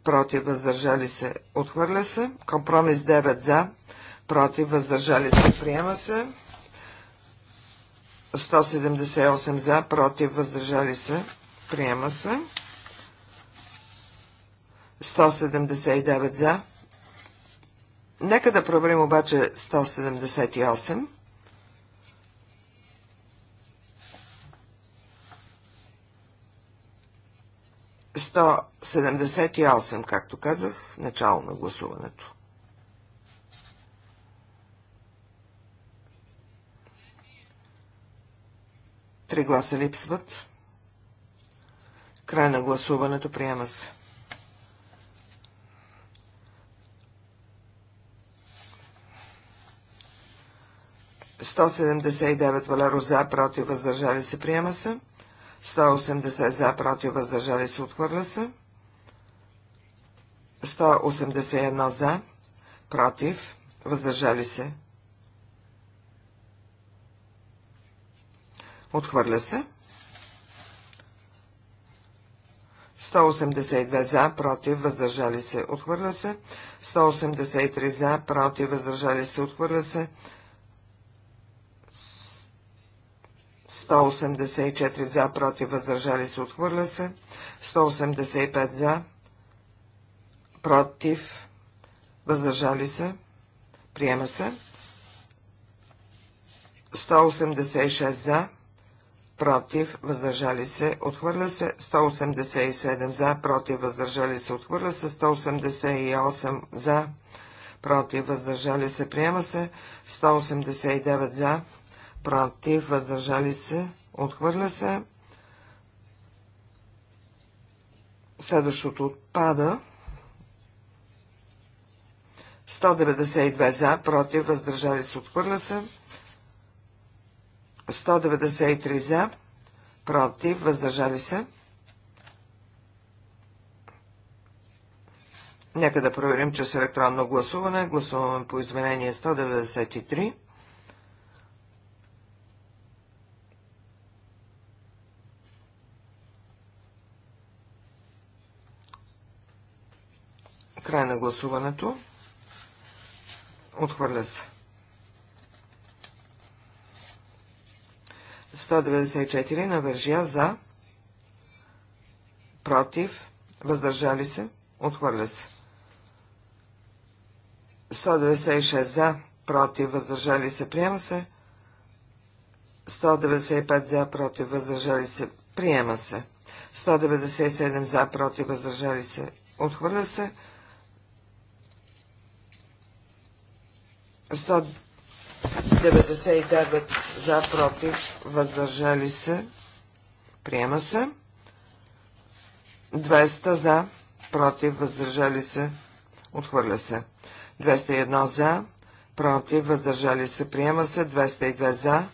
против, въздържали се, отхвърля се. Компромис 9 за, против, въздържали се, приема се. 178 за, против, въздържали се, приема се. 179 за, Нека да проверим обаче 178. Сто седемдесет и осем, както казах, начало на гласуването. Три гласа липсват. Край на гласуването приема се. 179 Валеро за, против, въздържали се, приема се. 180 за, против, въздържали се, отхвърля се. 181 за, против, въздържали се. Отхвърля се. 182 за, против, въздържали се, отхвърля се. 183 за, против, въздържали се, отхвърля се. 184 за, против, въздържали се, отхвърля се. 185 за, против, въздържали се, приема се. 186 за, против, въздържали се, отхвърля се, 187 за, против, въздържали се, отхвърля се, 188 за, против, въздържали се, приема се, 189 за, против, въздържали се, отхвърля се. Следващото отпада. 192 за, против, въздържали се, отхвърля се. 193 за, против, въздържали се. Нека да проверим чрез електронно гласуване. Гласуваме по изменение 193. Край на гласуването. Отхвърля се. 194 на Вержия за, против, въздържали се, отхвърля се. 196 за, против, въздържали се, приема се. 195 за, против, въздържали се, приема се. 197 за, против, въздържали се, отхвърля се. 199 за, против, въздържали се, приема се. 200 за, против, въздържали се, отхвърля се. 201 за, против, въздържали се, приема се. 202 за,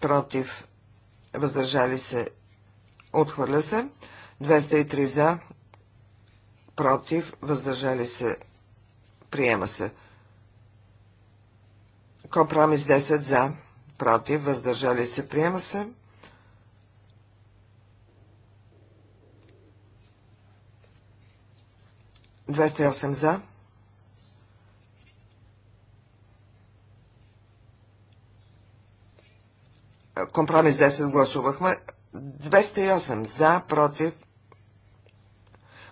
против, въздържали се, отхвърля се. 203 за, против, въздържали се, приема се. Компромис 10 за, против, въздържали се, приема се. Двеста осем за. Компромис 10 гласувахме. 208 за, против.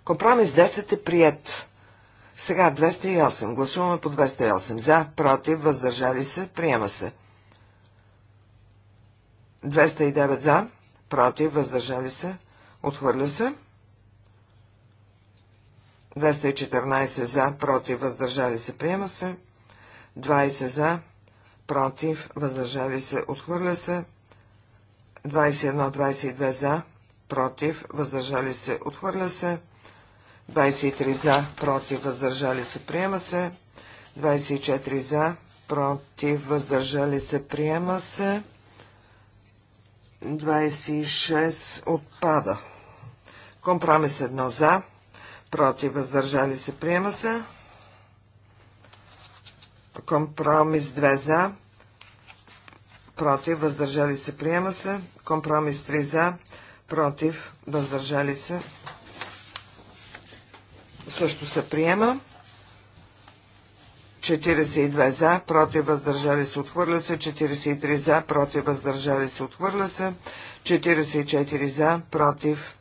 Компромис 10 е прият. Сега 208. Гласуваме по 208. За, против, въздържали се, приема се. 209 за, против, въздържали се, отхвърля се. 214 за, против, въздържали се, приема се. 20 за, против, въздържали се, отхвърля се. 21-22 за, против, въздържали се, отхвърля се. 23 за, против, въздържали се, приема се. 24 за, против, въздържали се, приема се. 26 отпада. Компромис 1 за, против, въздържали се, приема се. Компромис 2 за, против, въздържали се, приема се. Компромис 3 за, против, въздържали се, също се приема. 42 за, против, въздържали се, отхвърля се. 43 за, против, въздържали се, отхвърля се. 44 за, против,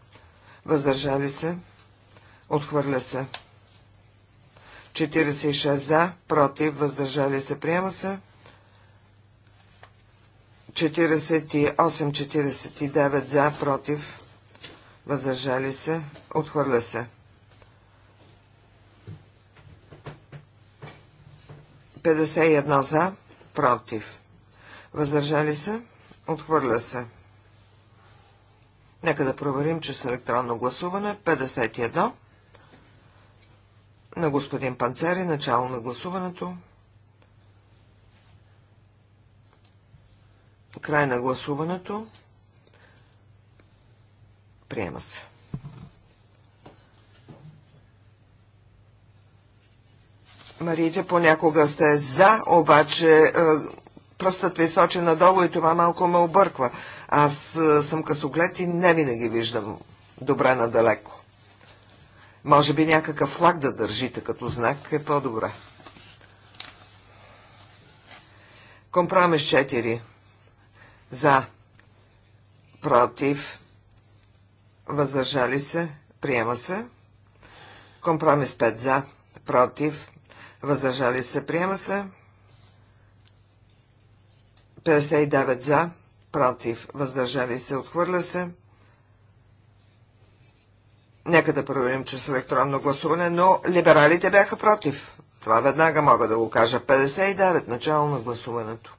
въздържали се, отхвърля се. 46 за, против, въздържали се, приема се. 48-49 за, против, въздържали се, отхвърля се. 51 за, против. Въздържали се? Отхвърля се. Нека да проверим, че с електронно гласуване 51 на господин Панцери, начало на гласуването. Край на гласуването. Приема се. Марите, понякога сте за, обаче е, пръстът ви е сочи надолу и това малко ме обърква. Аз е, съм късоглед и не винаги виждам добре надалеко. Може би някакъв флаг да държите като знак е по-добре. Компромис 4. За. Против. Въздържали се. Приема се. Компромис 5. За. Против въздържали се, приема се. 59 за, против, въздържали се, отхвърля се. Нека да проверим, че с електронно гласуване, но либералите бяха против. Това веднага мога да го кажа. 59, начало на гласуването.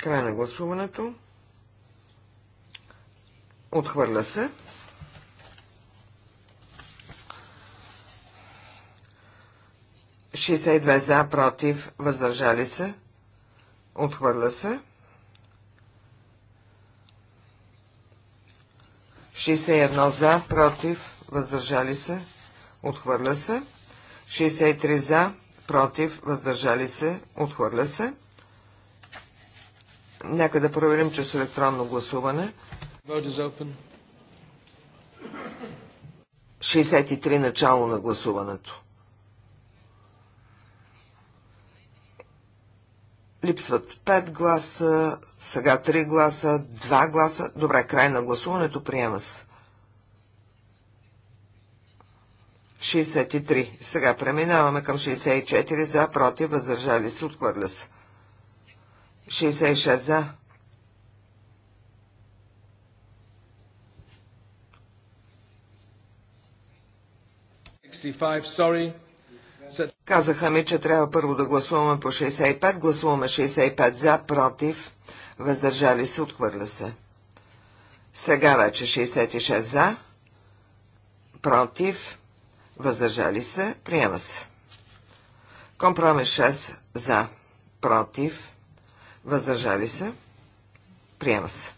Край на гласуването. Отхвърля се. Шестдесет за, против, въздържали се. Отхвърля се. 61 за, против, въздържали се, отхвърля се. 63 за, против, въздържали се, отхвърля се. Нека да проверим че с електронно гласуване. 63 начало на гласуването. Липсват 5 гласа, сега 3 гласа, 2 гласа. Добре, край на гласуването, приема се. 63. Сега преминаваме към 64 за, против, въздържали се, отхвърля се. 66 за, Казаха ми, че трябва първо да гласуваме по 65. Гласуваме 65 за, против, въздържали се, отхвърля се. Сега вече 66 за, против, въздържали се, приема се. Компромис 6 за, против, въздържали се, приема се.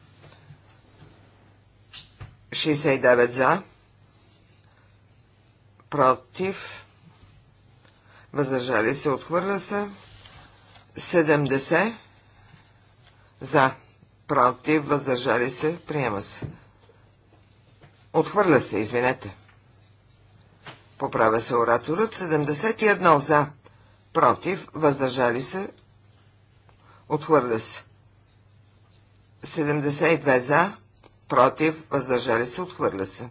69 за, против, въздържали се, отхвърля се. 70 за, против, въздържали се, приема се. Отхвърля се, извинете. Поправя се ораторът. 71 за, против, въздържали се, отхвърля се. 72 за, против, въздържали се, отхвърля се.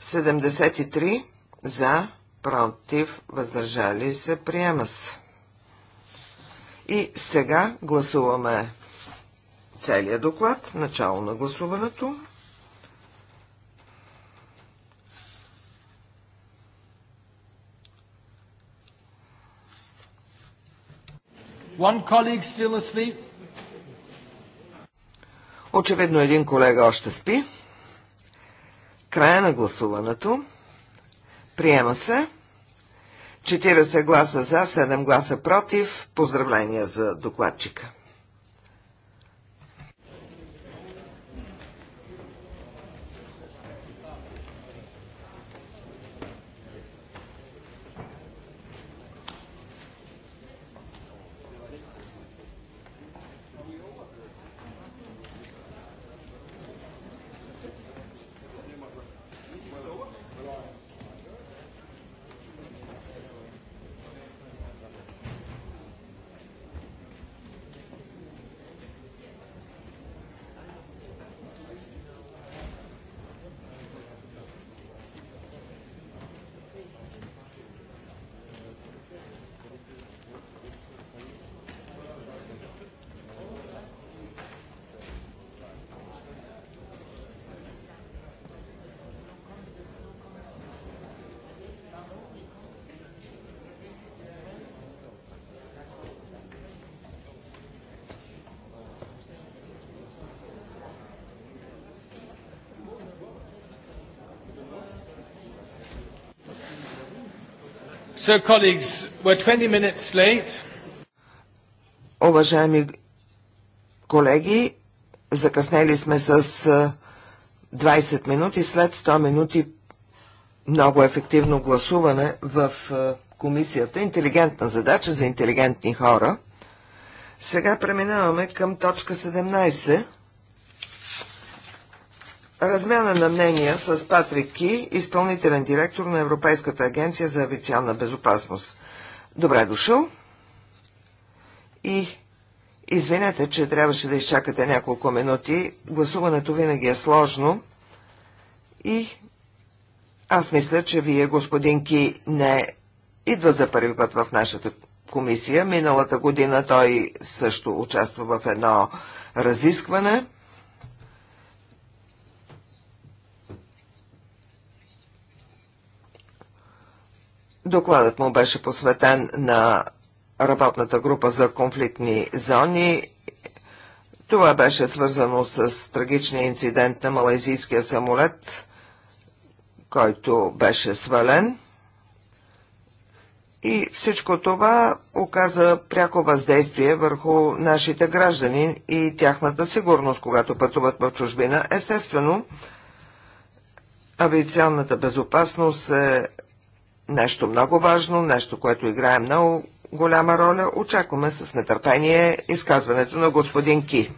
73 за, против, въздържали се, приема се. И сега гласуваме целият доклад, начало на гласуването. One colleague still asleep. Очевидно един колега още спи. Края на гласуването. Приема се. 40 гласа за, 7 гласа против. Поздравления за докладчика. So, colleagues, we're 20 minutes late. Уважаеми колеги, закъснели сме с 20 минути след 100 минути много ефективно гласуване в комисията. Интелигентна задача за интелигентни хора. Сега преминаваме към точка 17. Размяна на мнения с Патрик Ки, изпълнителен директор на Европейската агенция за авиационна безопасност. Добре дошъл и извинете, че трябваше да изчакате няколко минути. Гласуването винаги е сложно и аз мисля, че вие, господин Ки, не идва за първи път в нашата комисия. Миналата година той също участва в едно разискване – Докладът му беше посветен на работната група за конфликтни зони. Това беше свързано с трагичния инцидент на малайзийския самолет, който беше свален. И всичко това оказа пряко въздействие върху нашите граждани и тяхната сигурност, когато пътуват в чужбина. Естествено, авиационната безопасност е нещо много важно, нещо, което играе много голяма роля. Очакваме с нетърпение изказването на господин Ки.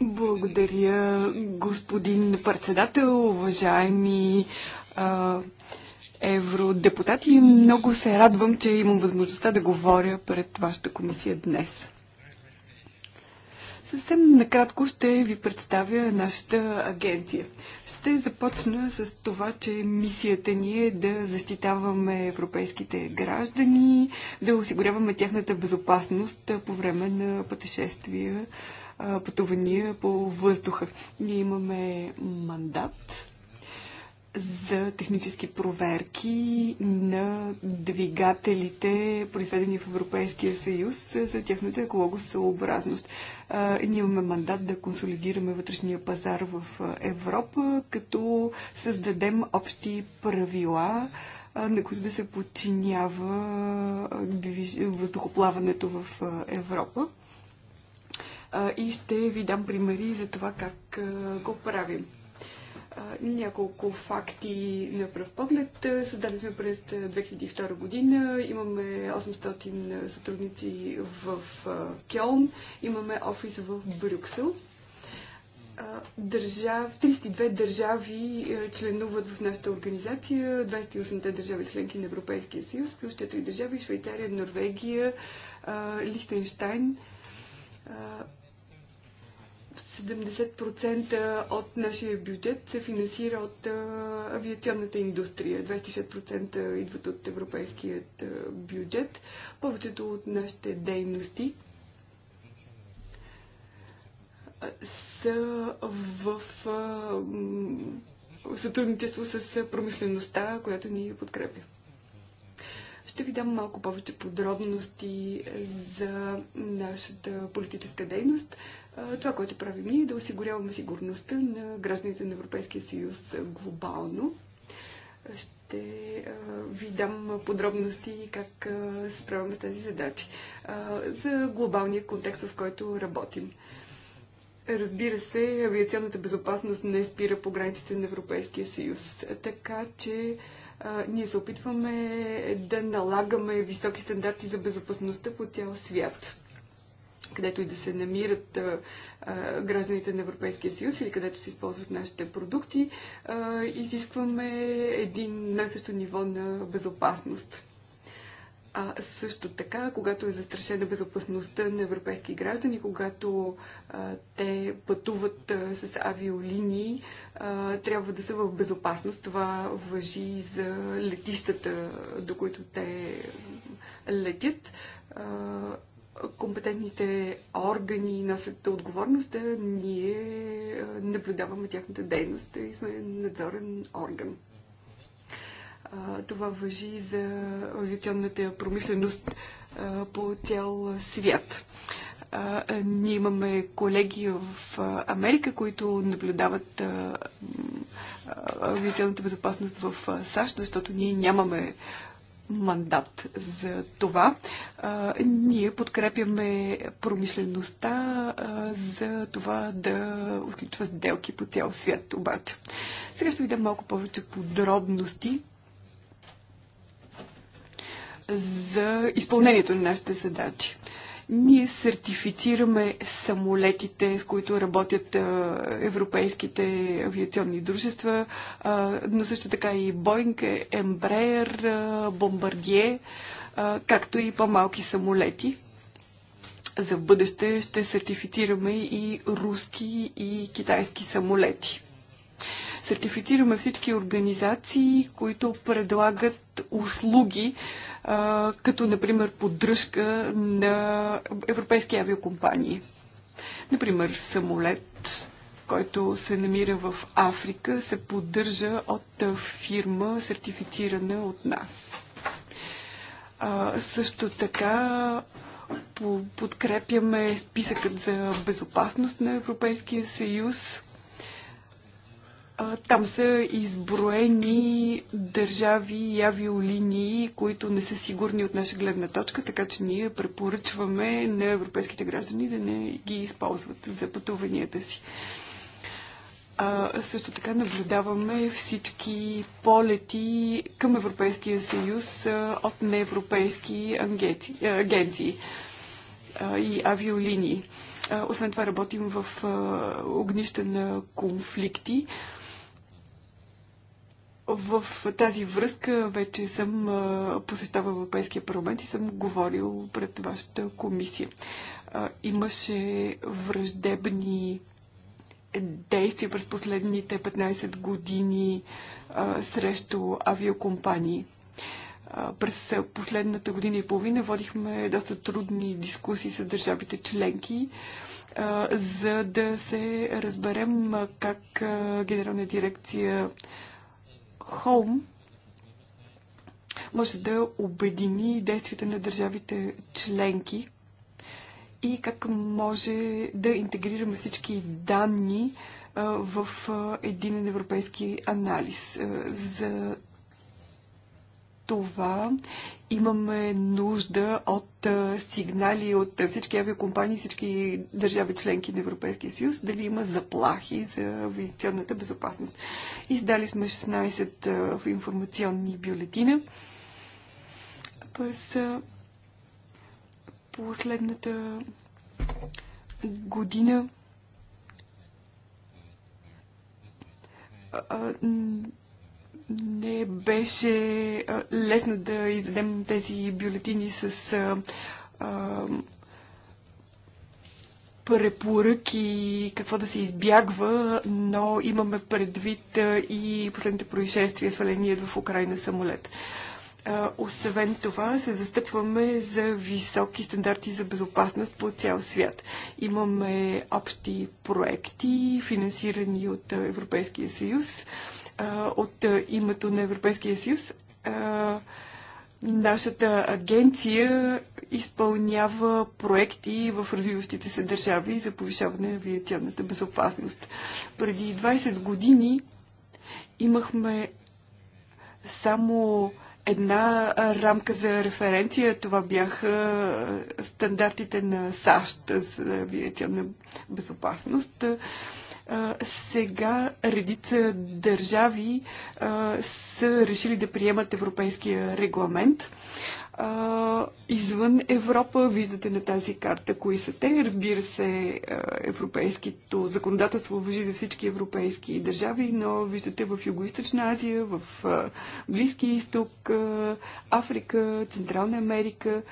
Благодаря, господин председател, уважаеми а, евродепутати. Много се радвам, че имам възможността да говоря пред вашата комисия днес. Съвсем накратко ще ви представя нашата агенция. Ще започна с това, че мисията ни е да защитаваме европейските граждани, да осигуряваме тяхната безопасност по време на пътешествия, пътувания по въздуха. Ние имаме мандат за технически проверки на двигателите, произведени в Европейския съюз, за тяхната екологосъобразност. Ние имаме мандат да консолидираме вътрешния пазар в Европа, като създадем общи правила, на които да се подчинява въздухоплаването в Европа. И ще ви дам примери за това как го правим няколко факти на пръв поглед. създали сме през 2002 година. Имаме 800 сътрудници в Кьолн. Имаме офис в Брюксел. Държав, 32 държави членуват в нашата организация, 28-те държави членки на Европейския съюз, плюс 4 държави Швейцария, Норвегия, Лихтенштайн, 70% от нашия бюджет се финансира от авиационната индустрия. 26% идват от европейският бюджет. Повечето от нашите дейности са в сътрудничество с промишлеността, която ни подкрепя. Ще ви дам малко повече подробности за нашата политическа дейност. Това, което правим ние е да осигуряваме сигурността на гражданите на Европейския съюз глобално. Ще ви дам подробности как справяме с тези задачи за глобалния контекст, в който работим. Разбира се, авиационната безопасност не спира по границите на Европейския съюз, така че а, ние се опитваме да налагаме високи стандарти за безопасността по цял свят където и да се намират гражданите на Европейския съюз или където се използват нашите продукти, изискваме един най-също ниво на безопасност. А също така, когато е застрашена безопасността на европейски граждани, когато а, те пътуват а, с авиолинии, а, трябва да са в безопасност. Това въжи за летищата, до които те летят. А, компетентните органи носят отговорност, а ние наблюдаваме тяхната дейност и сме надзорен орган. Това въжи за авиационната промишленост по цял свят. Ние имаме колеги в Америка, които наблюдават авиационната безопасност в САЩ, защото ние нямаме мандат за това. А, ние подкрепяме промишлеността а, за това да отключва сделки по цял свят обаче. Сега ще ви малко повече подробности за изпълнението на нашите задачи. Ние сертифицираме самолетите, с които работят европейските авиационни дружества, но също така и Боинг, Ембреер, Бомбардие, както и по-малки самолети. За бъдеще ще сертифицираме и руски и китайски самолети сертифицираме всички организации, които предлагат услуги като например поддръжка на европейски авиокомпании. Например, самолет, който се намира в Африка, се поддържа от фирма, сертифицирана от нас. А, също така подкрепяме списъкът за безопасност на Европейския съюз там са изброени държави и авиолинии, които не са сигурни от наша гледна точка, така че ние препоръчваме на европейските граждани да не ги използват за пътуванията си. А, също така наблюдаваме всички полети към Европейския съюз от неевропейски агенции и авиолинии. Освен това работим в огнища на конфликти. В тази връзка вече съм посещавал Европейския парламент и съм говорил пред вашата комисия. Имаше враждебни действия през последните 15 години срещу авиокомпании. През последната година и половина водихме доста трудни дискусии с държавите членки за да се разберем как Генерална дирекция Холм може да обедини действията на държавите членки и как може да интегрираме всички данни в един европейски анализ. За това имаме нужда от сигнали от всички авиокомпании, всички държави членки на Европейския съюз, дали има заплахи за авиационната безопасност. Издали сме 16 информационни бюлетина. През последната година не беше лесно да издадем тези бюлетини с а, а, препоръки, какво да се избягва, но имаме предвид и последните происшествия, сваленият в Украина самолет. Освен това, се застъпваме за високи стандарти за безопасност по цял свят. Имаме общи проекти, финансирани от Европейския съюз от името на Европейския съюз. Нашата агенция изпълнява проекти в развиващите се държави за повишаване на авиационната безопасност. Преди 20 години имахме само една рамка за референция. Това бяха стандартите на САЩ за авиационна безопасност сега редица държави са решили да приемат европейския регламент. Извън Европа виждате на тази карта кои са те. Разбира се, европейското законодателство въжи за всички европейски държави, но виждате в Юго-Источна Азия, в Близки изток, Африка, Централна Америка.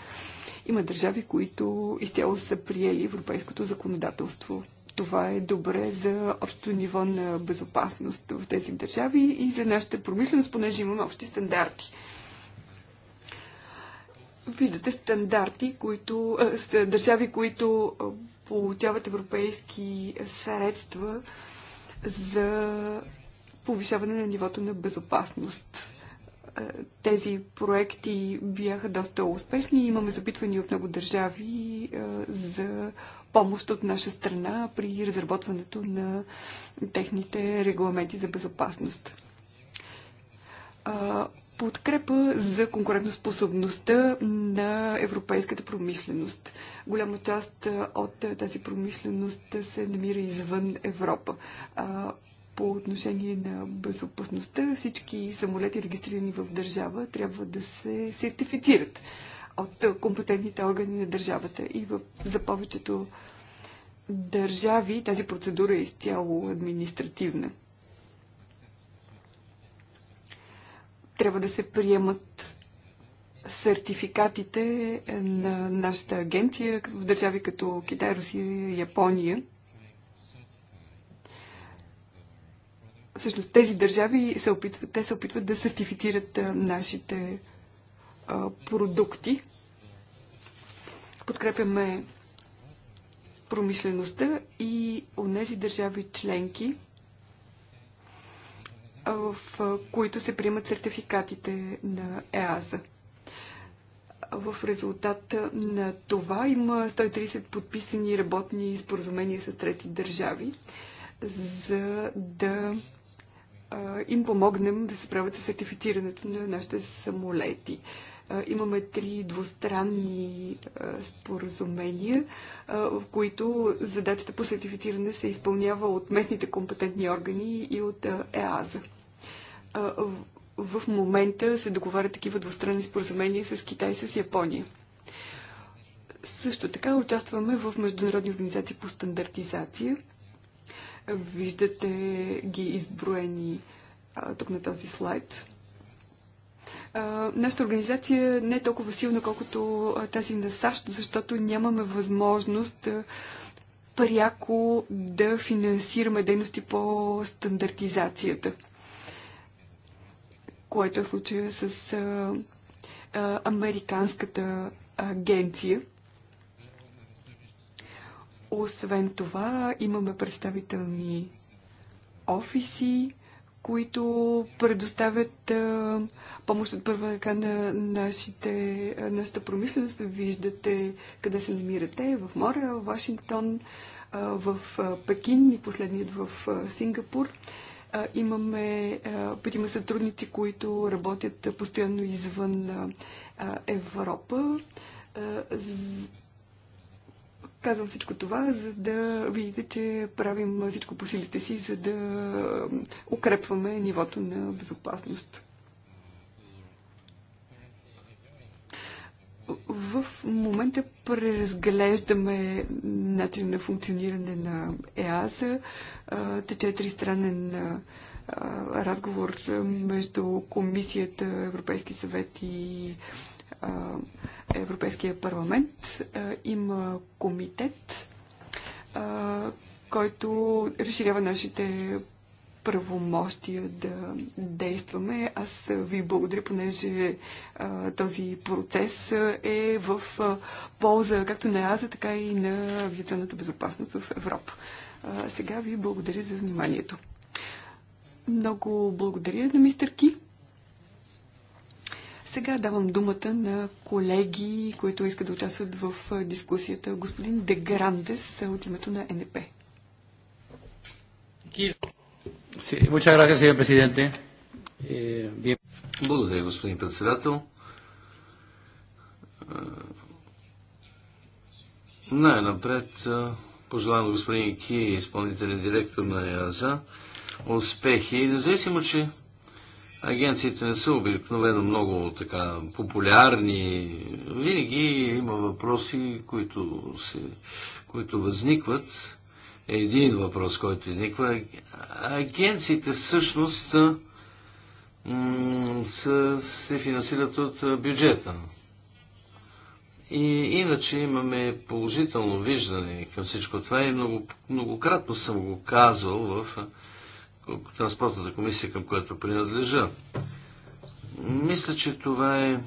Има държави, които изцяло са приели европейското законодателство. Това е добре за общото ниво на безопасност в тези държави и за нашата промисленост, понеже имаме общи стандарти. Виждате стандарти, които, са държави, които получават европейски средства за повишаване на нивото на безопасност. Тези проекти бяха доста успешни. Имаме запитвания от много държави за помощ от наша страна при разработването на техните регламенти за безопасност. Подкрепа за конкурентоспособността на европейската промишленост. Голяма част от тази промишленост се намира извън Европа по отношение на безопасността, всички самолети, регистрирани в държава, трябва да се сертифицират от компетентните органи на държавата. И в, за повечето държави тази процедура е изцяло административна. Трябва да се приемат сертификатите на нашата агенция в държави като Китай, Русия и Япония. Всъщност тези държави се опитват, те се опитват да сертифицират нашите продукти. Подкрепяме промишлеността и онези държави членки, в които се приемат сертификатите на ЕАЗа. В резултат на това има 130 подписани работни споразумения с трети държави, за да им помогнем да се правят с сертифицирането на нашите самолети имаме три двустранни споразумения, в които задачата по сертифициране се изпълнява от местните компетентни органи и от ЕАЗа. В момента се договарят такива двустранни споразумения с Китай и с Япония. Също така участваме в международни организации по стандартизация. Виждате ги изброени тук на този слайд. Нашата организация не е толкова силна, колкото тази на САЩ, защото нямаме възможност пряко да финансираме дейности по стандартизацията, което е случая с а, а, Американската агенция. Освен това, имаме представителни офиси които предоставят а, помощ от първа ръка на нашите, нашата промишленост. Виждате къде се намирате в Мора, в Вашингтон, а, в а, Пекин и последният в а, Сингапур. А, имаме а, петима сътрудници, които работят постоянно извън а, Европа. А, Казвам всичко това, за да видите, че правим всичко по силите си, за да укрепваме нивото на безопасност. В момента преразглеждаме начин на функциониране на ЕАСа. Тече тристранен разговор между Комисията, Европейски съвет и Европейския парламент. Има комитет, който разширява нашите правомощия да действаме. Аз ви благодаря, понеже а, този процес е в а, полза както на АЗА, така и на авиационната безопасност в Европа. А, сега ви благодаря за вниманието. Много благодаря на мистер Ки. Сега давам думата на колеги, които искат да участват в дискусията. Господин Деграндес от името на НП. Eh, Благодаря, господин председател. Е, най-напред е, пожелавам господин Ки, изпълнителен директор на ЕАЗА, успехи. Независимо, че Агенциите не са обикновено много така популярни. Винаги има въпроси, които, се, които възникват. Един въпрос, който изниква. Е, агенциите всъщност са, се финансират от бюджета. И иначе имаме положително виждане към всичко това и много, многократно съм го казвал в транспортната комисия, към която принадлежа. Мисля, че това е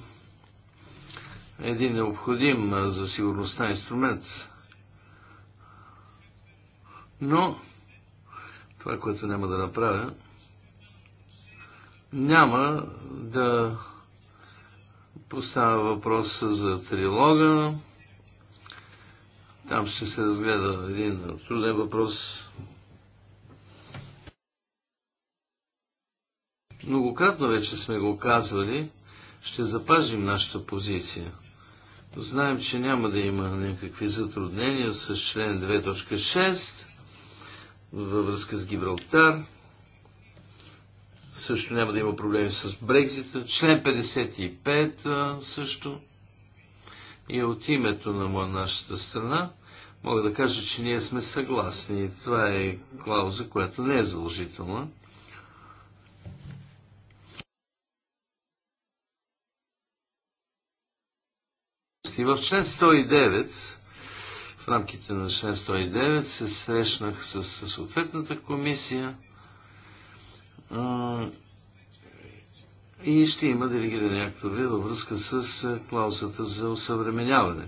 един необходим за сигурността инструмент. Но това, което няма да направя, няма да поставя въпроса за трилога. Там ще се разгледа един труден въпрос, Многократно вече сме го казвали, ще запазим нашата позиция. Знаем, че няма да има някакви затруднения с член 2.6 във връзка с Гибралтар. Също няма да има проблеми с Брекзита. Член 55 също. И от името на нашата страна мога да кажа, че ние сме съгласни. Това е клауза, която не е заложителна. области. В член 109, в рамките на член 109, се срещнах с, с съответната комисия и ще има делегирани актове във връзка с клаузата за усъвременяване.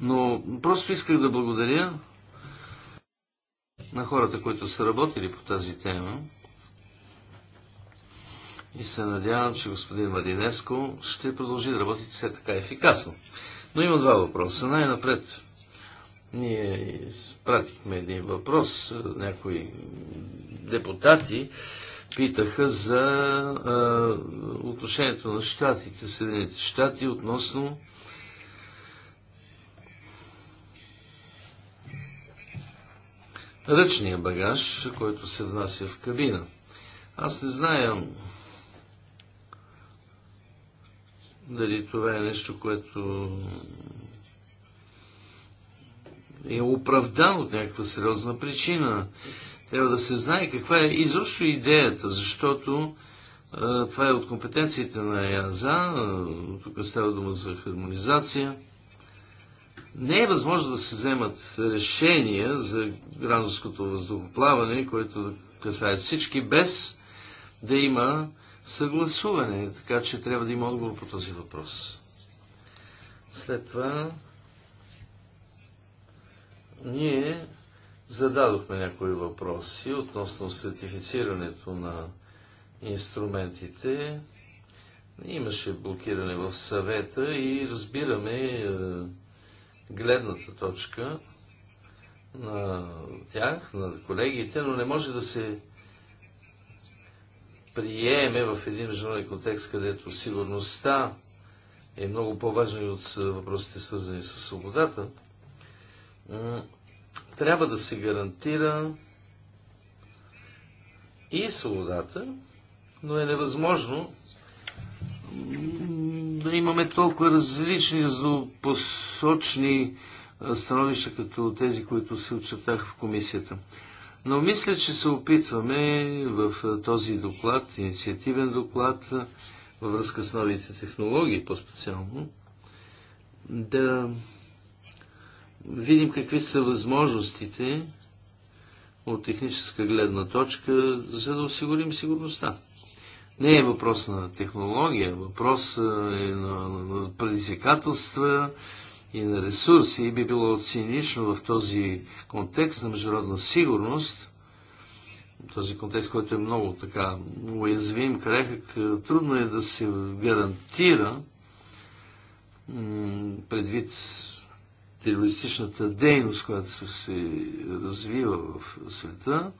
Но просто исках да благодаря на хората, които са работили по тази тема. И се надявам, че господин Мадинеско ще продължи да работи все така ефикасно. Но има два въпроса. Най-напред ние пратихме един въпрос. Някои депутати питаха за а, отношението на щатите, Съединените щати, относно ръчния багаж, който се внася в кабина. Аз не знаем Дали това е нещо, което е оправдано от някаква сериозна причина. Трябва да се знае каква е изобщо идеята, защото а, това е от компетенциите на ЕАЗА, тук става дума за хармонизация. Не е възможно да се вземат решения за гражданското въздухоплаване, което касае всички, без да има съгласуване, така че трябва да има отговор по този въпрос. След това ние зададохме някои въпроси относно сертифицирането на инструментите. Имаше блокиране в съвета и разбираме е, гледната точка на тях, на колегите, но не може да се приеме в един международен контекст, където сигурността е много по-важна и от въпросите свързани с свободата, трябва да се гарантира и свободата, но е невъзможно да имаме толкова различни злопосочни становища, като тези, които се очертаха в комисията. Но мисля, че се опитваме в този доклад, инициативен доклад, във връзка с новите технологии по-специално, да видим какви са възможностите от техническа гледна точка, за да осигурим сигурността. Не е въпрос на технология, въпрос е на, на, на предизвикателства, и на ресурси. би било цинично в този контекст на международна сигурност – този контекст, който е много така уязвим, крехък, трудно е да се гарантира предвид терористичната дейност, която се развива в света.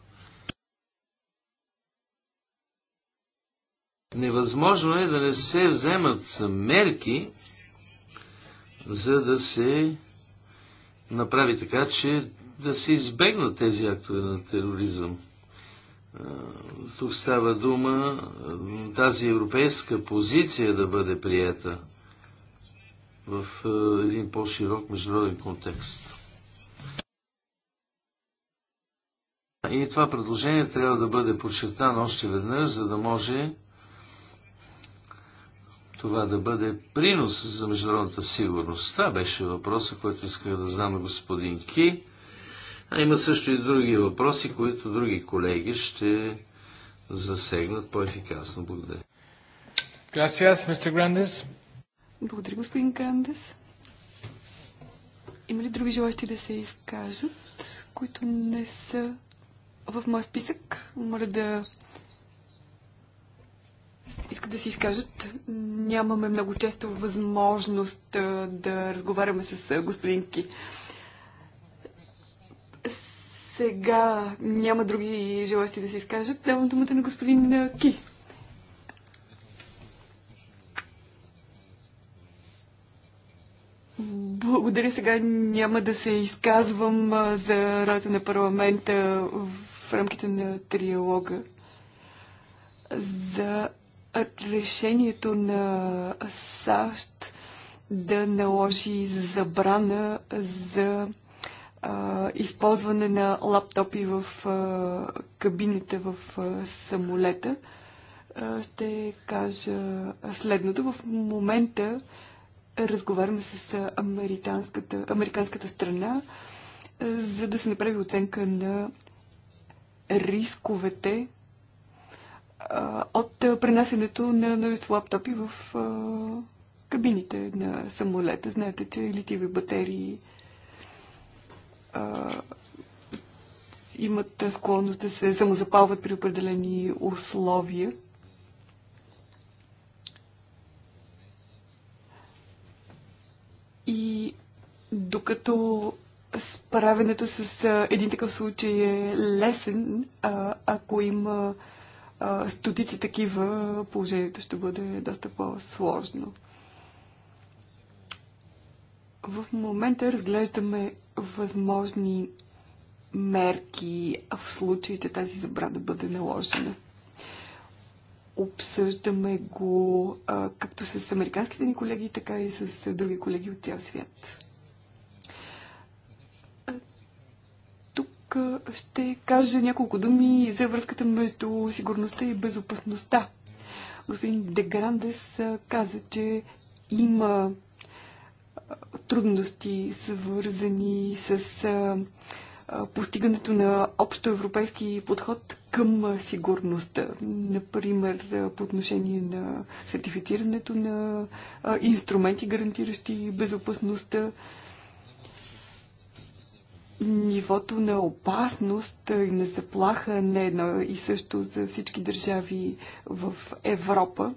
Невъзможно е да не се вземат мерки, за да се направи така, че да се избегнат тези актове на тероризъм. Тук става дума тази европейска позиция да бъде приета в един по-широк международен контекст. И това предложение трябва да бъде подчертано още веднъж, за да може това да бъде принос за международната сигурност. Това беше въпроса, който исках да знам господин Ки. А има също и други въпроси, които други колеги ще засегнат по-ефикасно. Благодаря. Gracias, мистер Грандес. Благодаря, господин Грандес. Има ли други желащи да се изкажат, които не са в моят списък? Моля да иска да си изкажат. Нямаме много често възможност да разговаряме с господинки. Сега няма други желащи да се изкажат. Давам думата на господин Ки. Благодаря. Сега няма да се изказвам за работа на парламента в рамките на триалога за решението на САЩ да наложи забрана за а, използване на лаптопи в а, кабините в а, самолета, а, ще кажа следното. В момента разговаряме с американската, американската страна, а, за да се направи оценка на рисковете от пренасенето на множество лаптопи в кабините на самолета. Знаете, че литиви батерии а, имат склонност да се самозапалват при определени условия. И докато справенето с един такъв случай е лесен, а, ако има стотици такива, положението ще бъде доста по-сложно. В момента разглеждаме възможни мерки в случай, че тази забрана бъде наложена. Обсъждаме го а, както с американските ни колеги, така и с други колеги от цял свят. ще кажа няколко думи за връзката между сигурността и безопасността. Господин Деграндес каза, че има трудности, свързани с постигането на общо европейски подход към сигурността. Например, по отношение на сертифицирането на инструменти, гарантиращи безопасността, нивото на опасност и на заплаха не е едно и също за всички държави в Европа.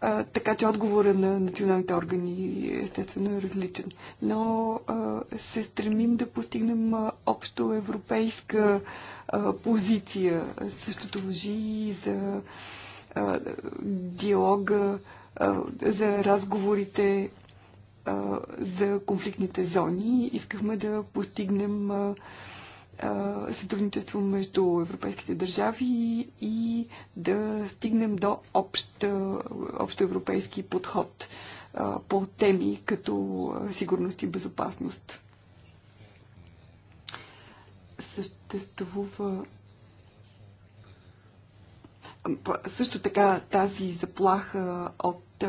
А, така че отговора на националните органи е, естествено е различен. Но а, се стремим да постигнем общо европейска а, позиция. Същото въжи и за а, диалога, а, за разговорите за конфликтните зони. Искахме да постигнем сътрудничество между европейските държави и да стигнем до общ, общоевропейски подход по теми като сигурност и безопасност. Съществува също така тази заплаха от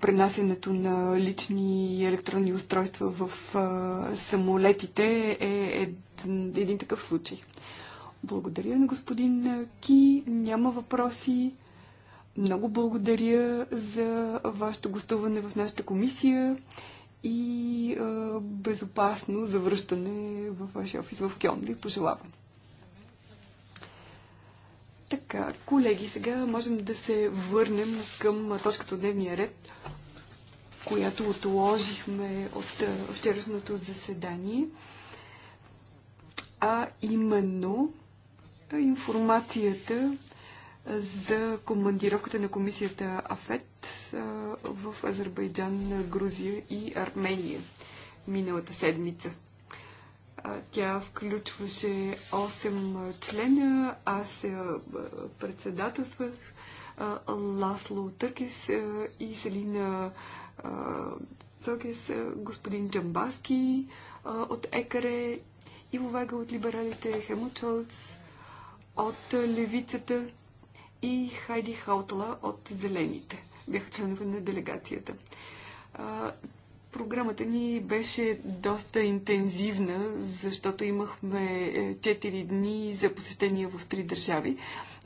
пренасенето на лични електронни устройства в самолетите е един такъв случай. Благодаря на господин Ки. Няма въпроси. Много благодаря за вашето гостуване в нашата комисия и безопасно завръщане във вашия офис в Кьон. Ви пожелавам. Така, колеги, сега можем да се върнем към точката от дневния ред, която отложихме от вчерашното заседание, а именно информацията за командировката на комисията АФЕТ в Азербайджан, Грузия и Армения миналата седмица. Тя включваше 8 члена. Аз председателствах Ласло Търкис и Селина Сокис, господин Джамбаски от Екаре и Вега от либералите, Хемо Чолц от Левицата и Хайди Хаутала от Зелените. Бяха членове на делегацията. Програмата ни беше доста интензивна, защото имахме 4 е, дни за посещения в три държави.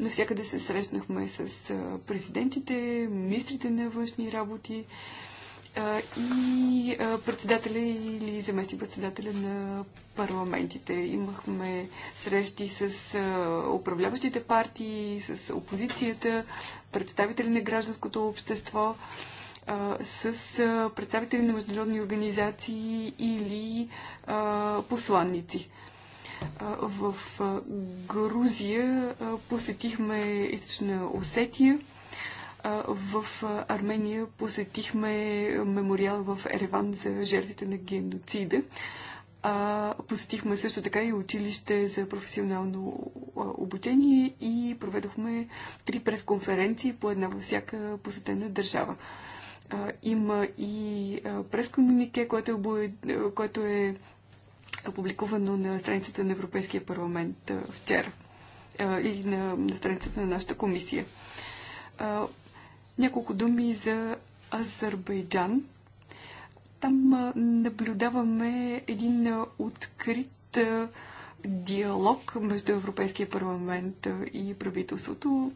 Навсякъде се срещнахме с е, президентите, министрите на външни работи е, и председателя или заместник-председателя на парламентите. Имахме срещи с управляващите партии, с опозицията, представители на гражданското общество с представители на международни организации или посланници. В Грузия посетихме източна Осетия, в Армения посетихме мемориал в Ереван за жертвите на геноцида. А, посетихме също така и училище за професионално обучение и проведохме три пресконференции, по една във всяка посетена държава има и прескомунике, което е, което е опубликувано на страницата на Европейския парламент вчера или на, на страницата на нашата комисия. няколко думи за Азербайджан. Там наблюдаваме един открит диалог между Европейския парламент и правителството.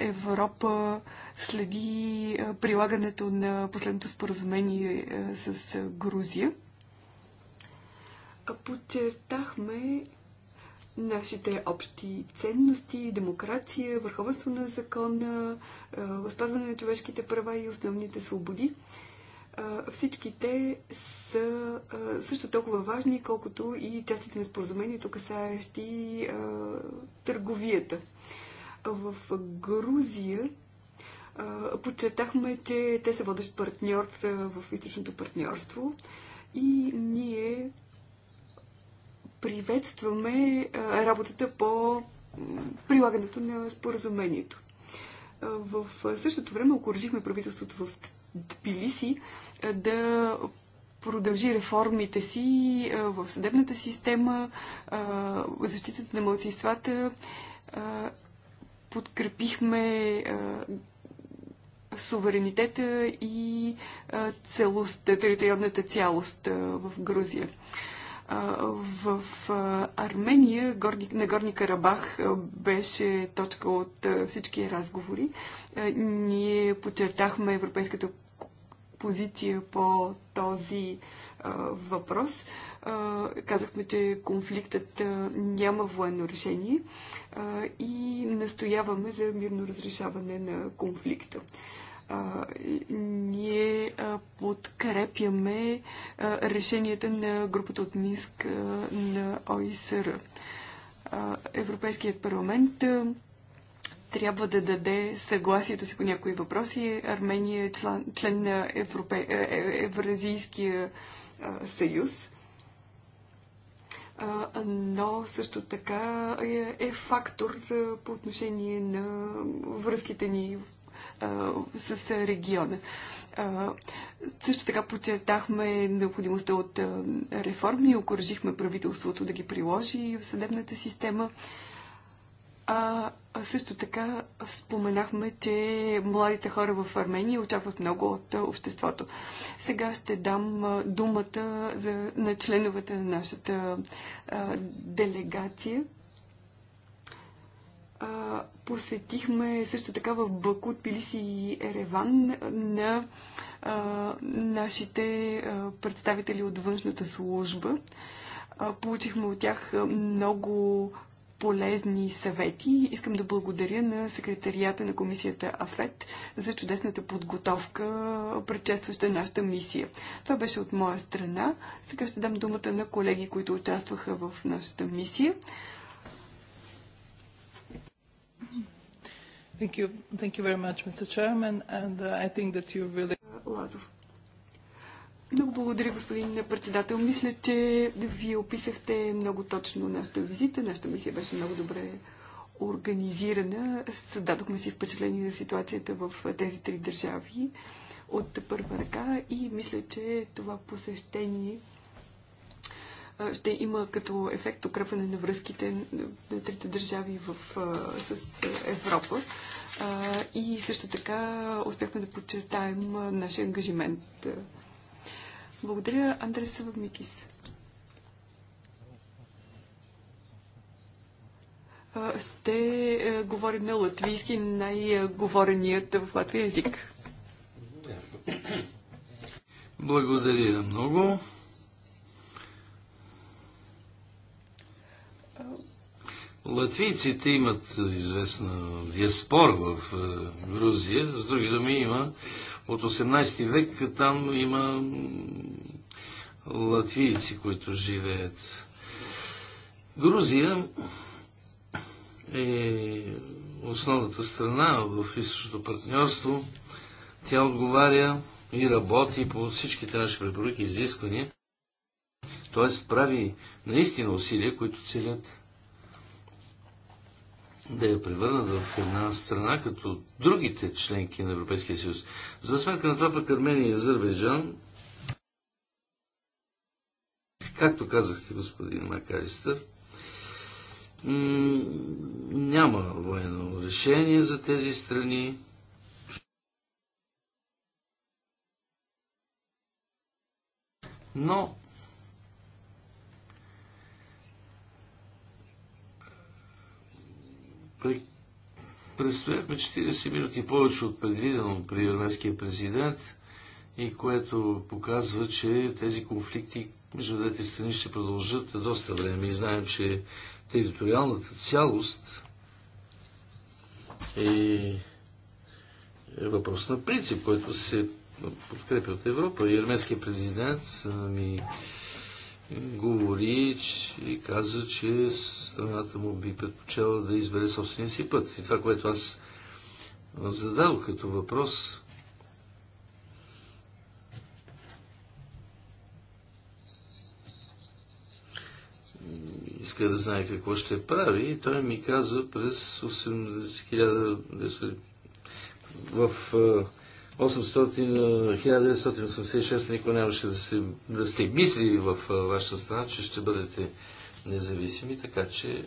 Европа следи прилагането на последното споразумение с Грузия. Подчертахме нашите общи ценности, демокрация, върховенство на закона, спазване на човешките права и основните свободи. Всички те са също толкова важни, колкото и частите на споразумението, касаещи търговията в Грузия подчертахме, че те са водещ партньор в източното партньорство и ние приветстваме работата по прилагането на споразумението. В същото време окоръжихме правителството в Тбилиси да продължи реформите си в съдебната система, защитата на младсинствата подкрепихме суверенитета и целостта, териториалната цялост в Грузия. В Армения на Горни Карабах беше точка от всички разговори. Ние подчертахме европейската позиция по този въпрос казахме, че конфликтът няма военно решение и настояваме за мирно разрешаване на конфликта. Ние подкрепяме решенията на групата от Минск на ОИСР. Европейският парламент трябва да даде съгласието си по някои въпроси. Армения е член, на Европе, е, е, Евразийския съюз но също така е, е фактор по отношение на връзките ни с региона. Също така подчертахме необходимостта от реформи, окоръжихме правителството да ги приложи в съдебната система. А, а също така споменахме, че младите хора в Армения очакват много от обществото. Сега ще дам думата за, на членовете на нашата а, делегация. А, посетихме също така в Баку, Тбилиси и Ереван на а, нашите а, представители от външната служба. А, получихме от тях много полезни съвети. Искам да благодаря на секретарията на комисията АФЕТ за чудесната подготовка, предчестваща нашата мисия. Това беше от моя страна. Сега ще дам думата на колеги, които участваха в нашата мисия. Thank you. Thank you very much, Mr. Chairman, and uh, I think that you really... Лазов. Много благодаря, господин председател. Мисля, че вие описахте много точно нашата визита. Нашата мисия беше много добре организирана. Създадохме си впечатление за ситуацията в тези три държави от първа ръка и мисля, че това посещение ще има като ефект укрепване на връзките на трите държави в, с Европа. И също така успяхме да подчертаем нашия ангажимент благодаря, Андрес Савамикис. Ще е, говорим на латвийски, най-говореният в латвия език. Благодаря много. Латвийците имат известна диаспора в е, Грузия. С други думи има от 18 век там има латвийци, които живеят. Грузия е основната страна в източното партньорство. Тя отговаря и работи по всичките наши препоръки и изисквания. Тоест прави наистина усилия, които целят да я превърнат в една страна като другите членки на Европейския съюз. За сметка на това пък Армения и Азербайджан, както казахте, господин Макаристър, няма военно решение за тези страни. Но Предстояхме 40 минути повече от предвидено при армейския президент и което показва, че тези конфликти между двете страни ще продължат доста време и знаем, че териториалната цялост е въпрос на принцип, който се подкрепи от Европа. И армейския президент ми говори и каза, че страната му би предпочела да избере собствения си път. И това, което аз задал като въпрос, иска да знае какво ще прави и той ми каза през 8000 в 1986 никой нямаше да, се, да сте мисли в вашата страна, че ще бъдете независими, така че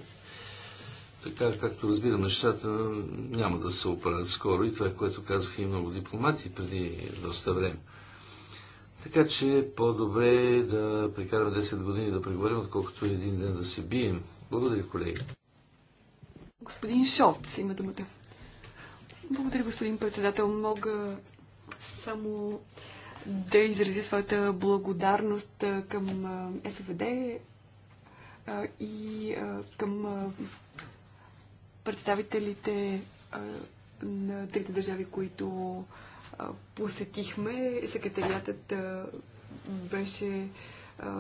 така както разбирам нещата, няма да се оправят скоро и това, е, което казаха и много дипломати преди доста време. Така че е по-добре да прекараме 10 години да преговорим, отколкото един ден да се бием. Благодаря, колеги. Господин Шолц има думата. Благодаря, господин председател. Мога само да изрази своята благодарност към СВД и към представителите на трите държави, които посетихме. Секретариатът беше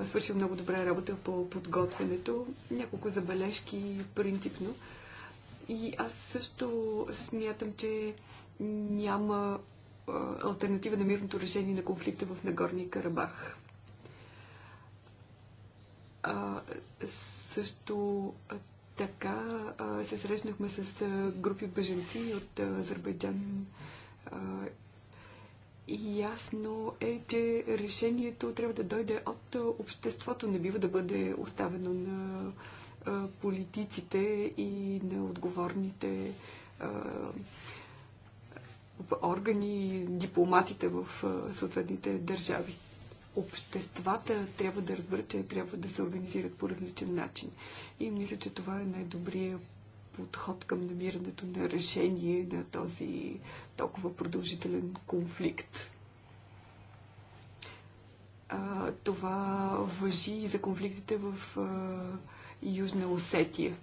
свършил много добра работа по подготвянето. Няколко забележки принципно. И аз също смятам, че няма е, альтернатива на мирното решение на конфликта в Нагорния Карабах. А, също така а, се срещнахме с а, групи беженци от а, Азербайджан. А, и ясно е, че решението трябва да дойде от обществото. Не бива да бъде оставено на а, политиците и на отговорните а, органи и дипломатите в съответните държави. Обществата трябва да разберат, че трябва да се организират по различен начин. И мисля, че това е най-добрият подход към намирането на решение на този толкова продължителен конфликт. това въжи и за конфликтите в Южна Осетия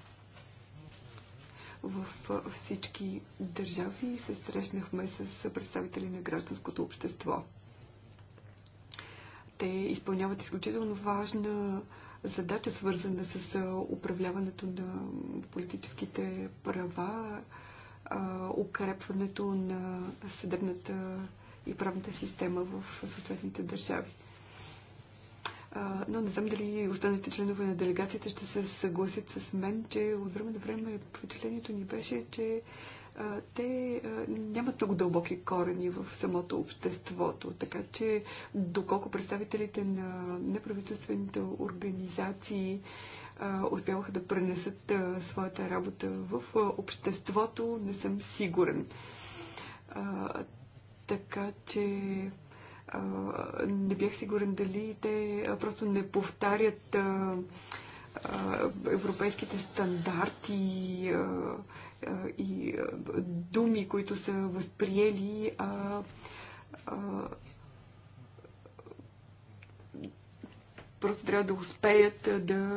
в всички държави и се срещнахме с представители на гражданското общество. Те изпълняват изключително важна задача, свързана с управляването на политическите права, укрепването на съдебната и правната система в съответните държави но не знам дали останалите членове на делегацията ще се съгласят с мен, че от време на време впечатлението ни беше, че те нямат много дълбоки корени в самото обществото. Така че, доколко представителите на неправителствените организации успяваха да пренесат своята работа в обществото, не съм сигурен. Така че не бях сигурен дали те просто не повтарят европейските стандарти и думи, които са възприели, а, а, просто трябва да успеят да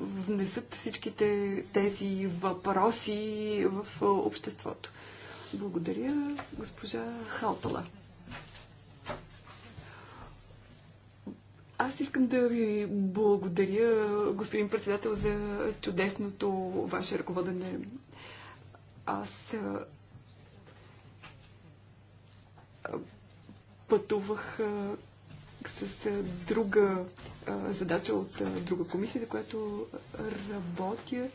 внесат всичките тези въпроси в обществото. Благодаря, госпожа Халтала. Аз искам да ви благодаря, господин председател, за чудесното ваше ръководене. Аз пътувах с друга задача от друга комисия, за която работя.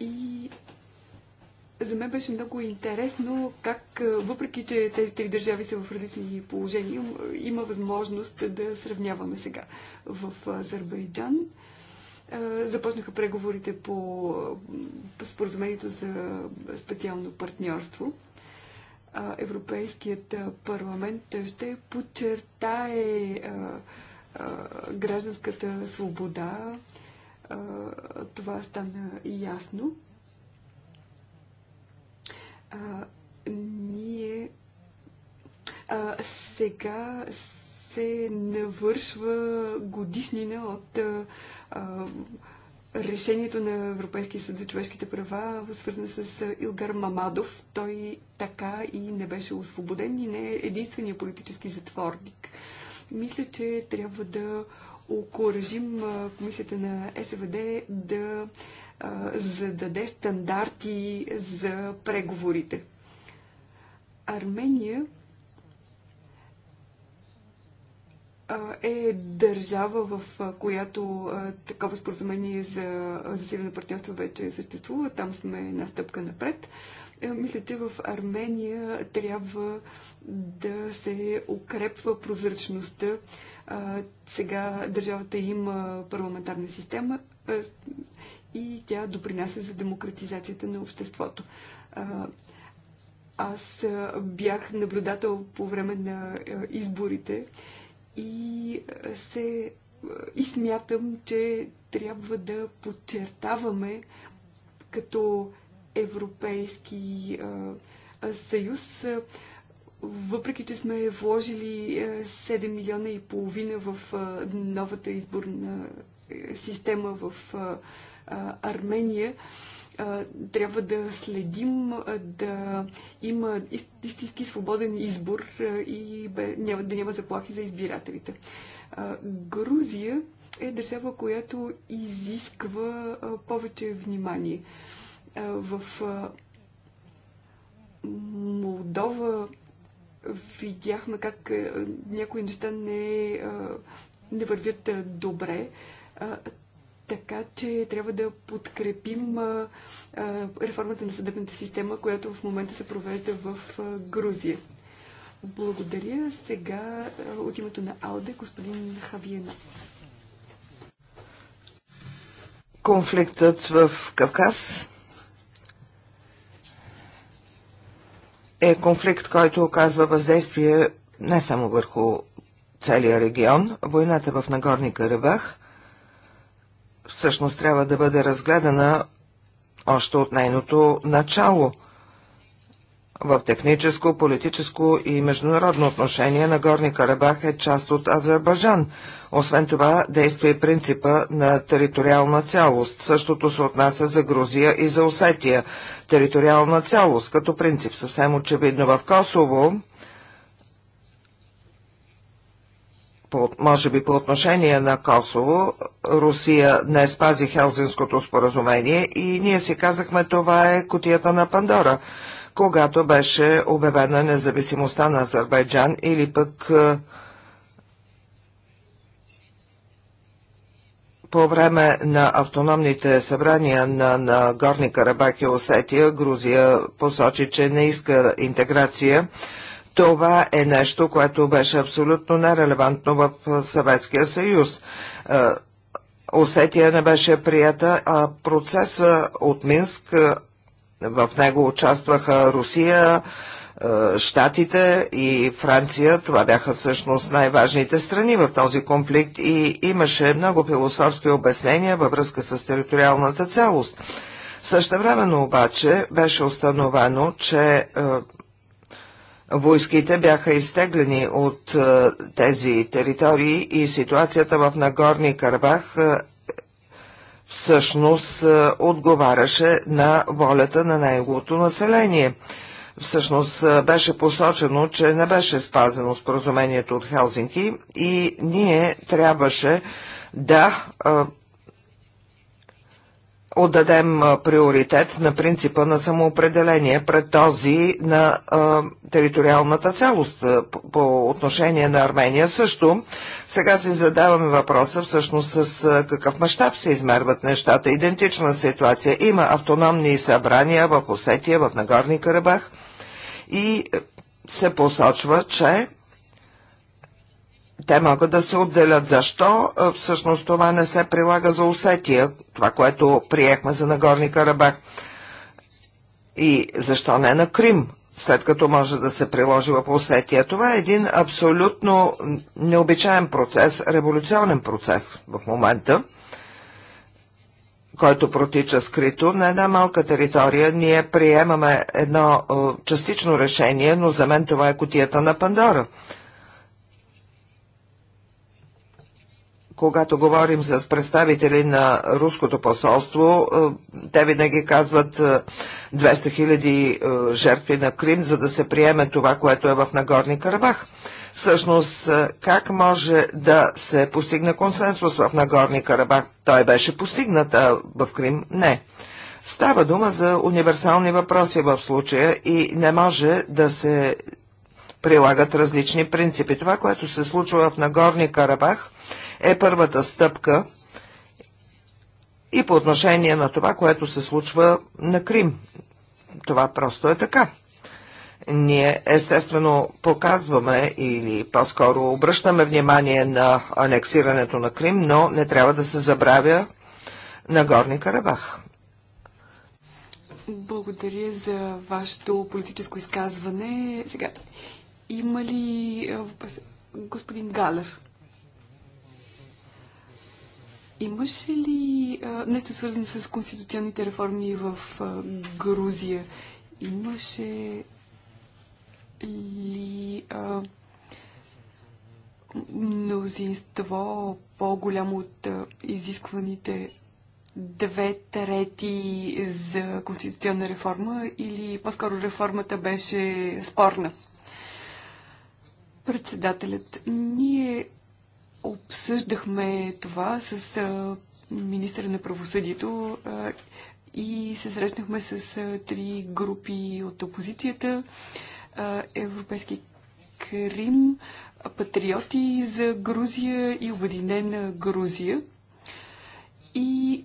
И за мен беше много интересно как, е, въпреки че тези три държави са в различни положения, има възможност да сравняваме сега. В е, Азербайджан е, започнаха преговорите по споразумението за специално партньорство. Европейският парламент ще подчертае гражданската свобода. Това стана ясно а, ние а, сега се навършва годишнина от а, решението на Европейския съд за човешките права, свързан с Илгар Мамадов. Той така и не беше освободен и не е единствения политически затворник. Мисля, че трябва да окоръжим комисията на СВД да за даде стандарти за преговорите. Армения е държава, в която такова споразумение за засилено партньорство вече съществува. Там сме една стъпка напред. Мисля, че в Армения трябва да се укрепва прозрачността. Сега държавата има парламентарна система и тя допринася за демократизацията на обществото. Аз бях наблюдател по време на изборите и се и смятам, че трябва да подчертаваме като Европейски съюз, въпреки че сме вложили 7 милиона и половина в новата изборна система в Армения, трябва да следим да има истински свободен избор и да няма заплахи за избирателите. Грузия е държава, която изисква повече внимание. В Молдова видяхме как някои неща не, не вървят добре. Така че трябва да подкрепим а, а, реформата на съдебната система, която в момента се провежда в а, Грузия. Благодаря. Сега а, от името на Алде, господин Хавиенат. Конфликтът в Кавказ е конфликт, който оказва въздействие не само върху целия регион. Войната в Нагорни Карабах всъщност трябва да бъде разгледана още от нейното начало в техническо, политическо и международно отношение на Горни Карабах е част от Азербайджан. Освен това, действа и принципа на териториална цялост. Същото се отнася за Грузия и за Осетия. Териториална цялост като принцип. Съвсем очевидно в Косово по, може би по отношение на Косово, Русия не спази Хелзинското споразумение и ние си казахме това е котията на Пандора, когато беше обявена независимостта на Азербайджан или пък е, по време на автономните събрания на, на Горни Карабах и Осетия, Грузия посочи, че не иска интеграция това е нещо, което беше абсолютно нерелевантно в Съветския съюз. Осетия не беше прията, а процеса от Минск, в него участваха Русия, Штатите и Франция, това бяха всъщност най-важните страни в този конфликт и имаше много философски обяснения във връзка с териториалната цялост. Същевременно обаче беше установено, че Войските бяха изтеглени от е, тези територии и ситуацията в Нагорни Карбах е, всъщност е, отговаряше на волята на неговото население. Всъщност беше посочено, че не беше спазено споразумението от Хелзинки и ние трябваше да отдадем приоритет на принципа на самоопределение пред този на а, териториалната цялост по отношение на Армения също. Сега си задаваме въпроса всъщност с какъв мащаб се измерват нещата. Идентична ситуация. Има автономни събрания в Осетия, в Нагорни Карабах и е, се посочва, че те могат да се отделят. Защо? Всъщност това не се прилага за усетия, това, което приехме за Нагорни Карабах. И защо не на Крим, след като може да се приложи в усетия? Това е един абсолютно необичаен процес, революционен процес в момента, който протича скрито. На една малка територия ние приемаме едно частично решение, но за мен това е котията на Пандора – когато говорим с представители на руското посолство, е, те винаги казват 200 е, 000 е, жертви на Крим, за да се приеме това, което е в Нагорни Карабах. Същност, как може да се постигне консенсус в Нагорни Карабах? Той беше постигнат, а в Крим не. Става дума за универсални въпроси в случая и не може да се прилагат различни принципи. Това, което се случва в Нагорни Карабах, е първата стъпка и по отношение на това, което се случва на Крим. Това просто е така. Ние естествено показваме или по-скоро обръщаме внимание на анексирането на Крим, но не трябва да се забравя на Горни Карабах. Благодаря за вашето политическо изказване. Сега, има ли господин Галер? Имаше ли а, нещо свързано с конституционните реформи в а, Грузия? Имаше ли а, мнозинство по-голямо от а, изискваните две трети за конституционна реформа или по-скоро реформата беше спорна? Председателят, ние Обсъждахме това с министра на правосъдието и се срещнахме с три групи от опозицията. Европейски Крим, патриоти за Грузия и Обединена Грузия. И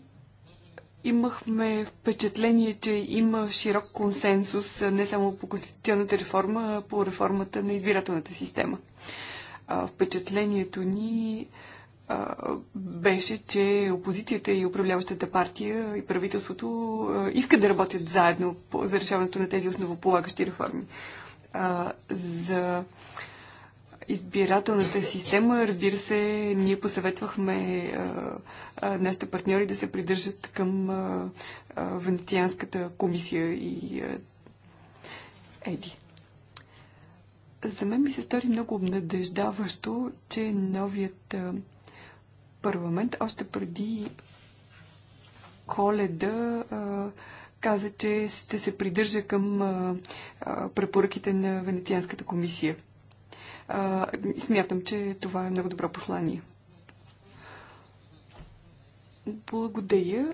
имахме впечатление, че има широк консенсус не само по конституционната реформа, а по реформата на избирателната система. Впечатлението ни беше, че опозицията и управляващата партия и правителството искат да работят заедно за решаването на тези основополагащи реформи. За избирателната система, разбира се, ние посъветвахме нашите партньори да се придържат към Венецианската комисия и Еди. За мен ми се стори много обнадеждаващо, че новият парламент още преди коледа каза, че ще се придържа към препоръките на Венецианската комисия. Смятам, че това е много добро послание. Благодаря.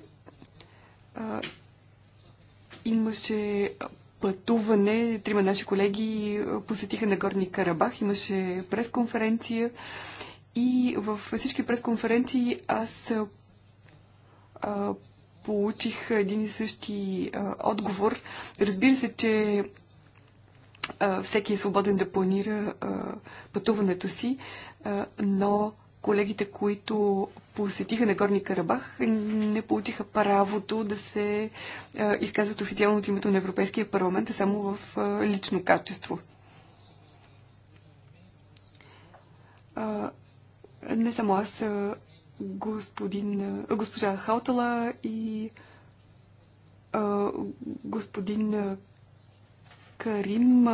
Имаше пътуване. Трима наши колеги е, посетиха Нагорни Карабах. Имаше пресконференция и във всички пресконференции аз е, а, получих един и същи а, е, отговор. Разбира се, че а, всеки е свободен да планира а, пътуването си, а, но колегите, които посетиха Нагорни Карабах, не получиха правото да се а, изказват официално от името на Европейския парламент, а само в а, лично качество. А, не само аз, а, господин, а, госпожа Хаутала и а, господин Карим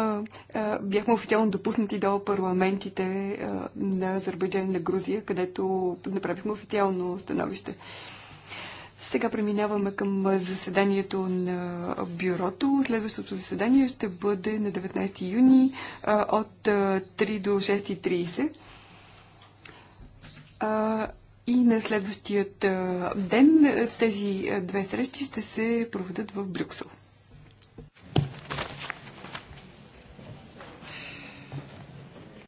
бяхме официално допуснати до парламентите на Азербайджан и на Грузия, където направихме официално становище. Сега преминаваме към заседанието на бюрото. Следващото заседание ще бъде на 19 юни от 3 до 6.30. И на следващият ден тези две срещи ще се проведат в Брюксел.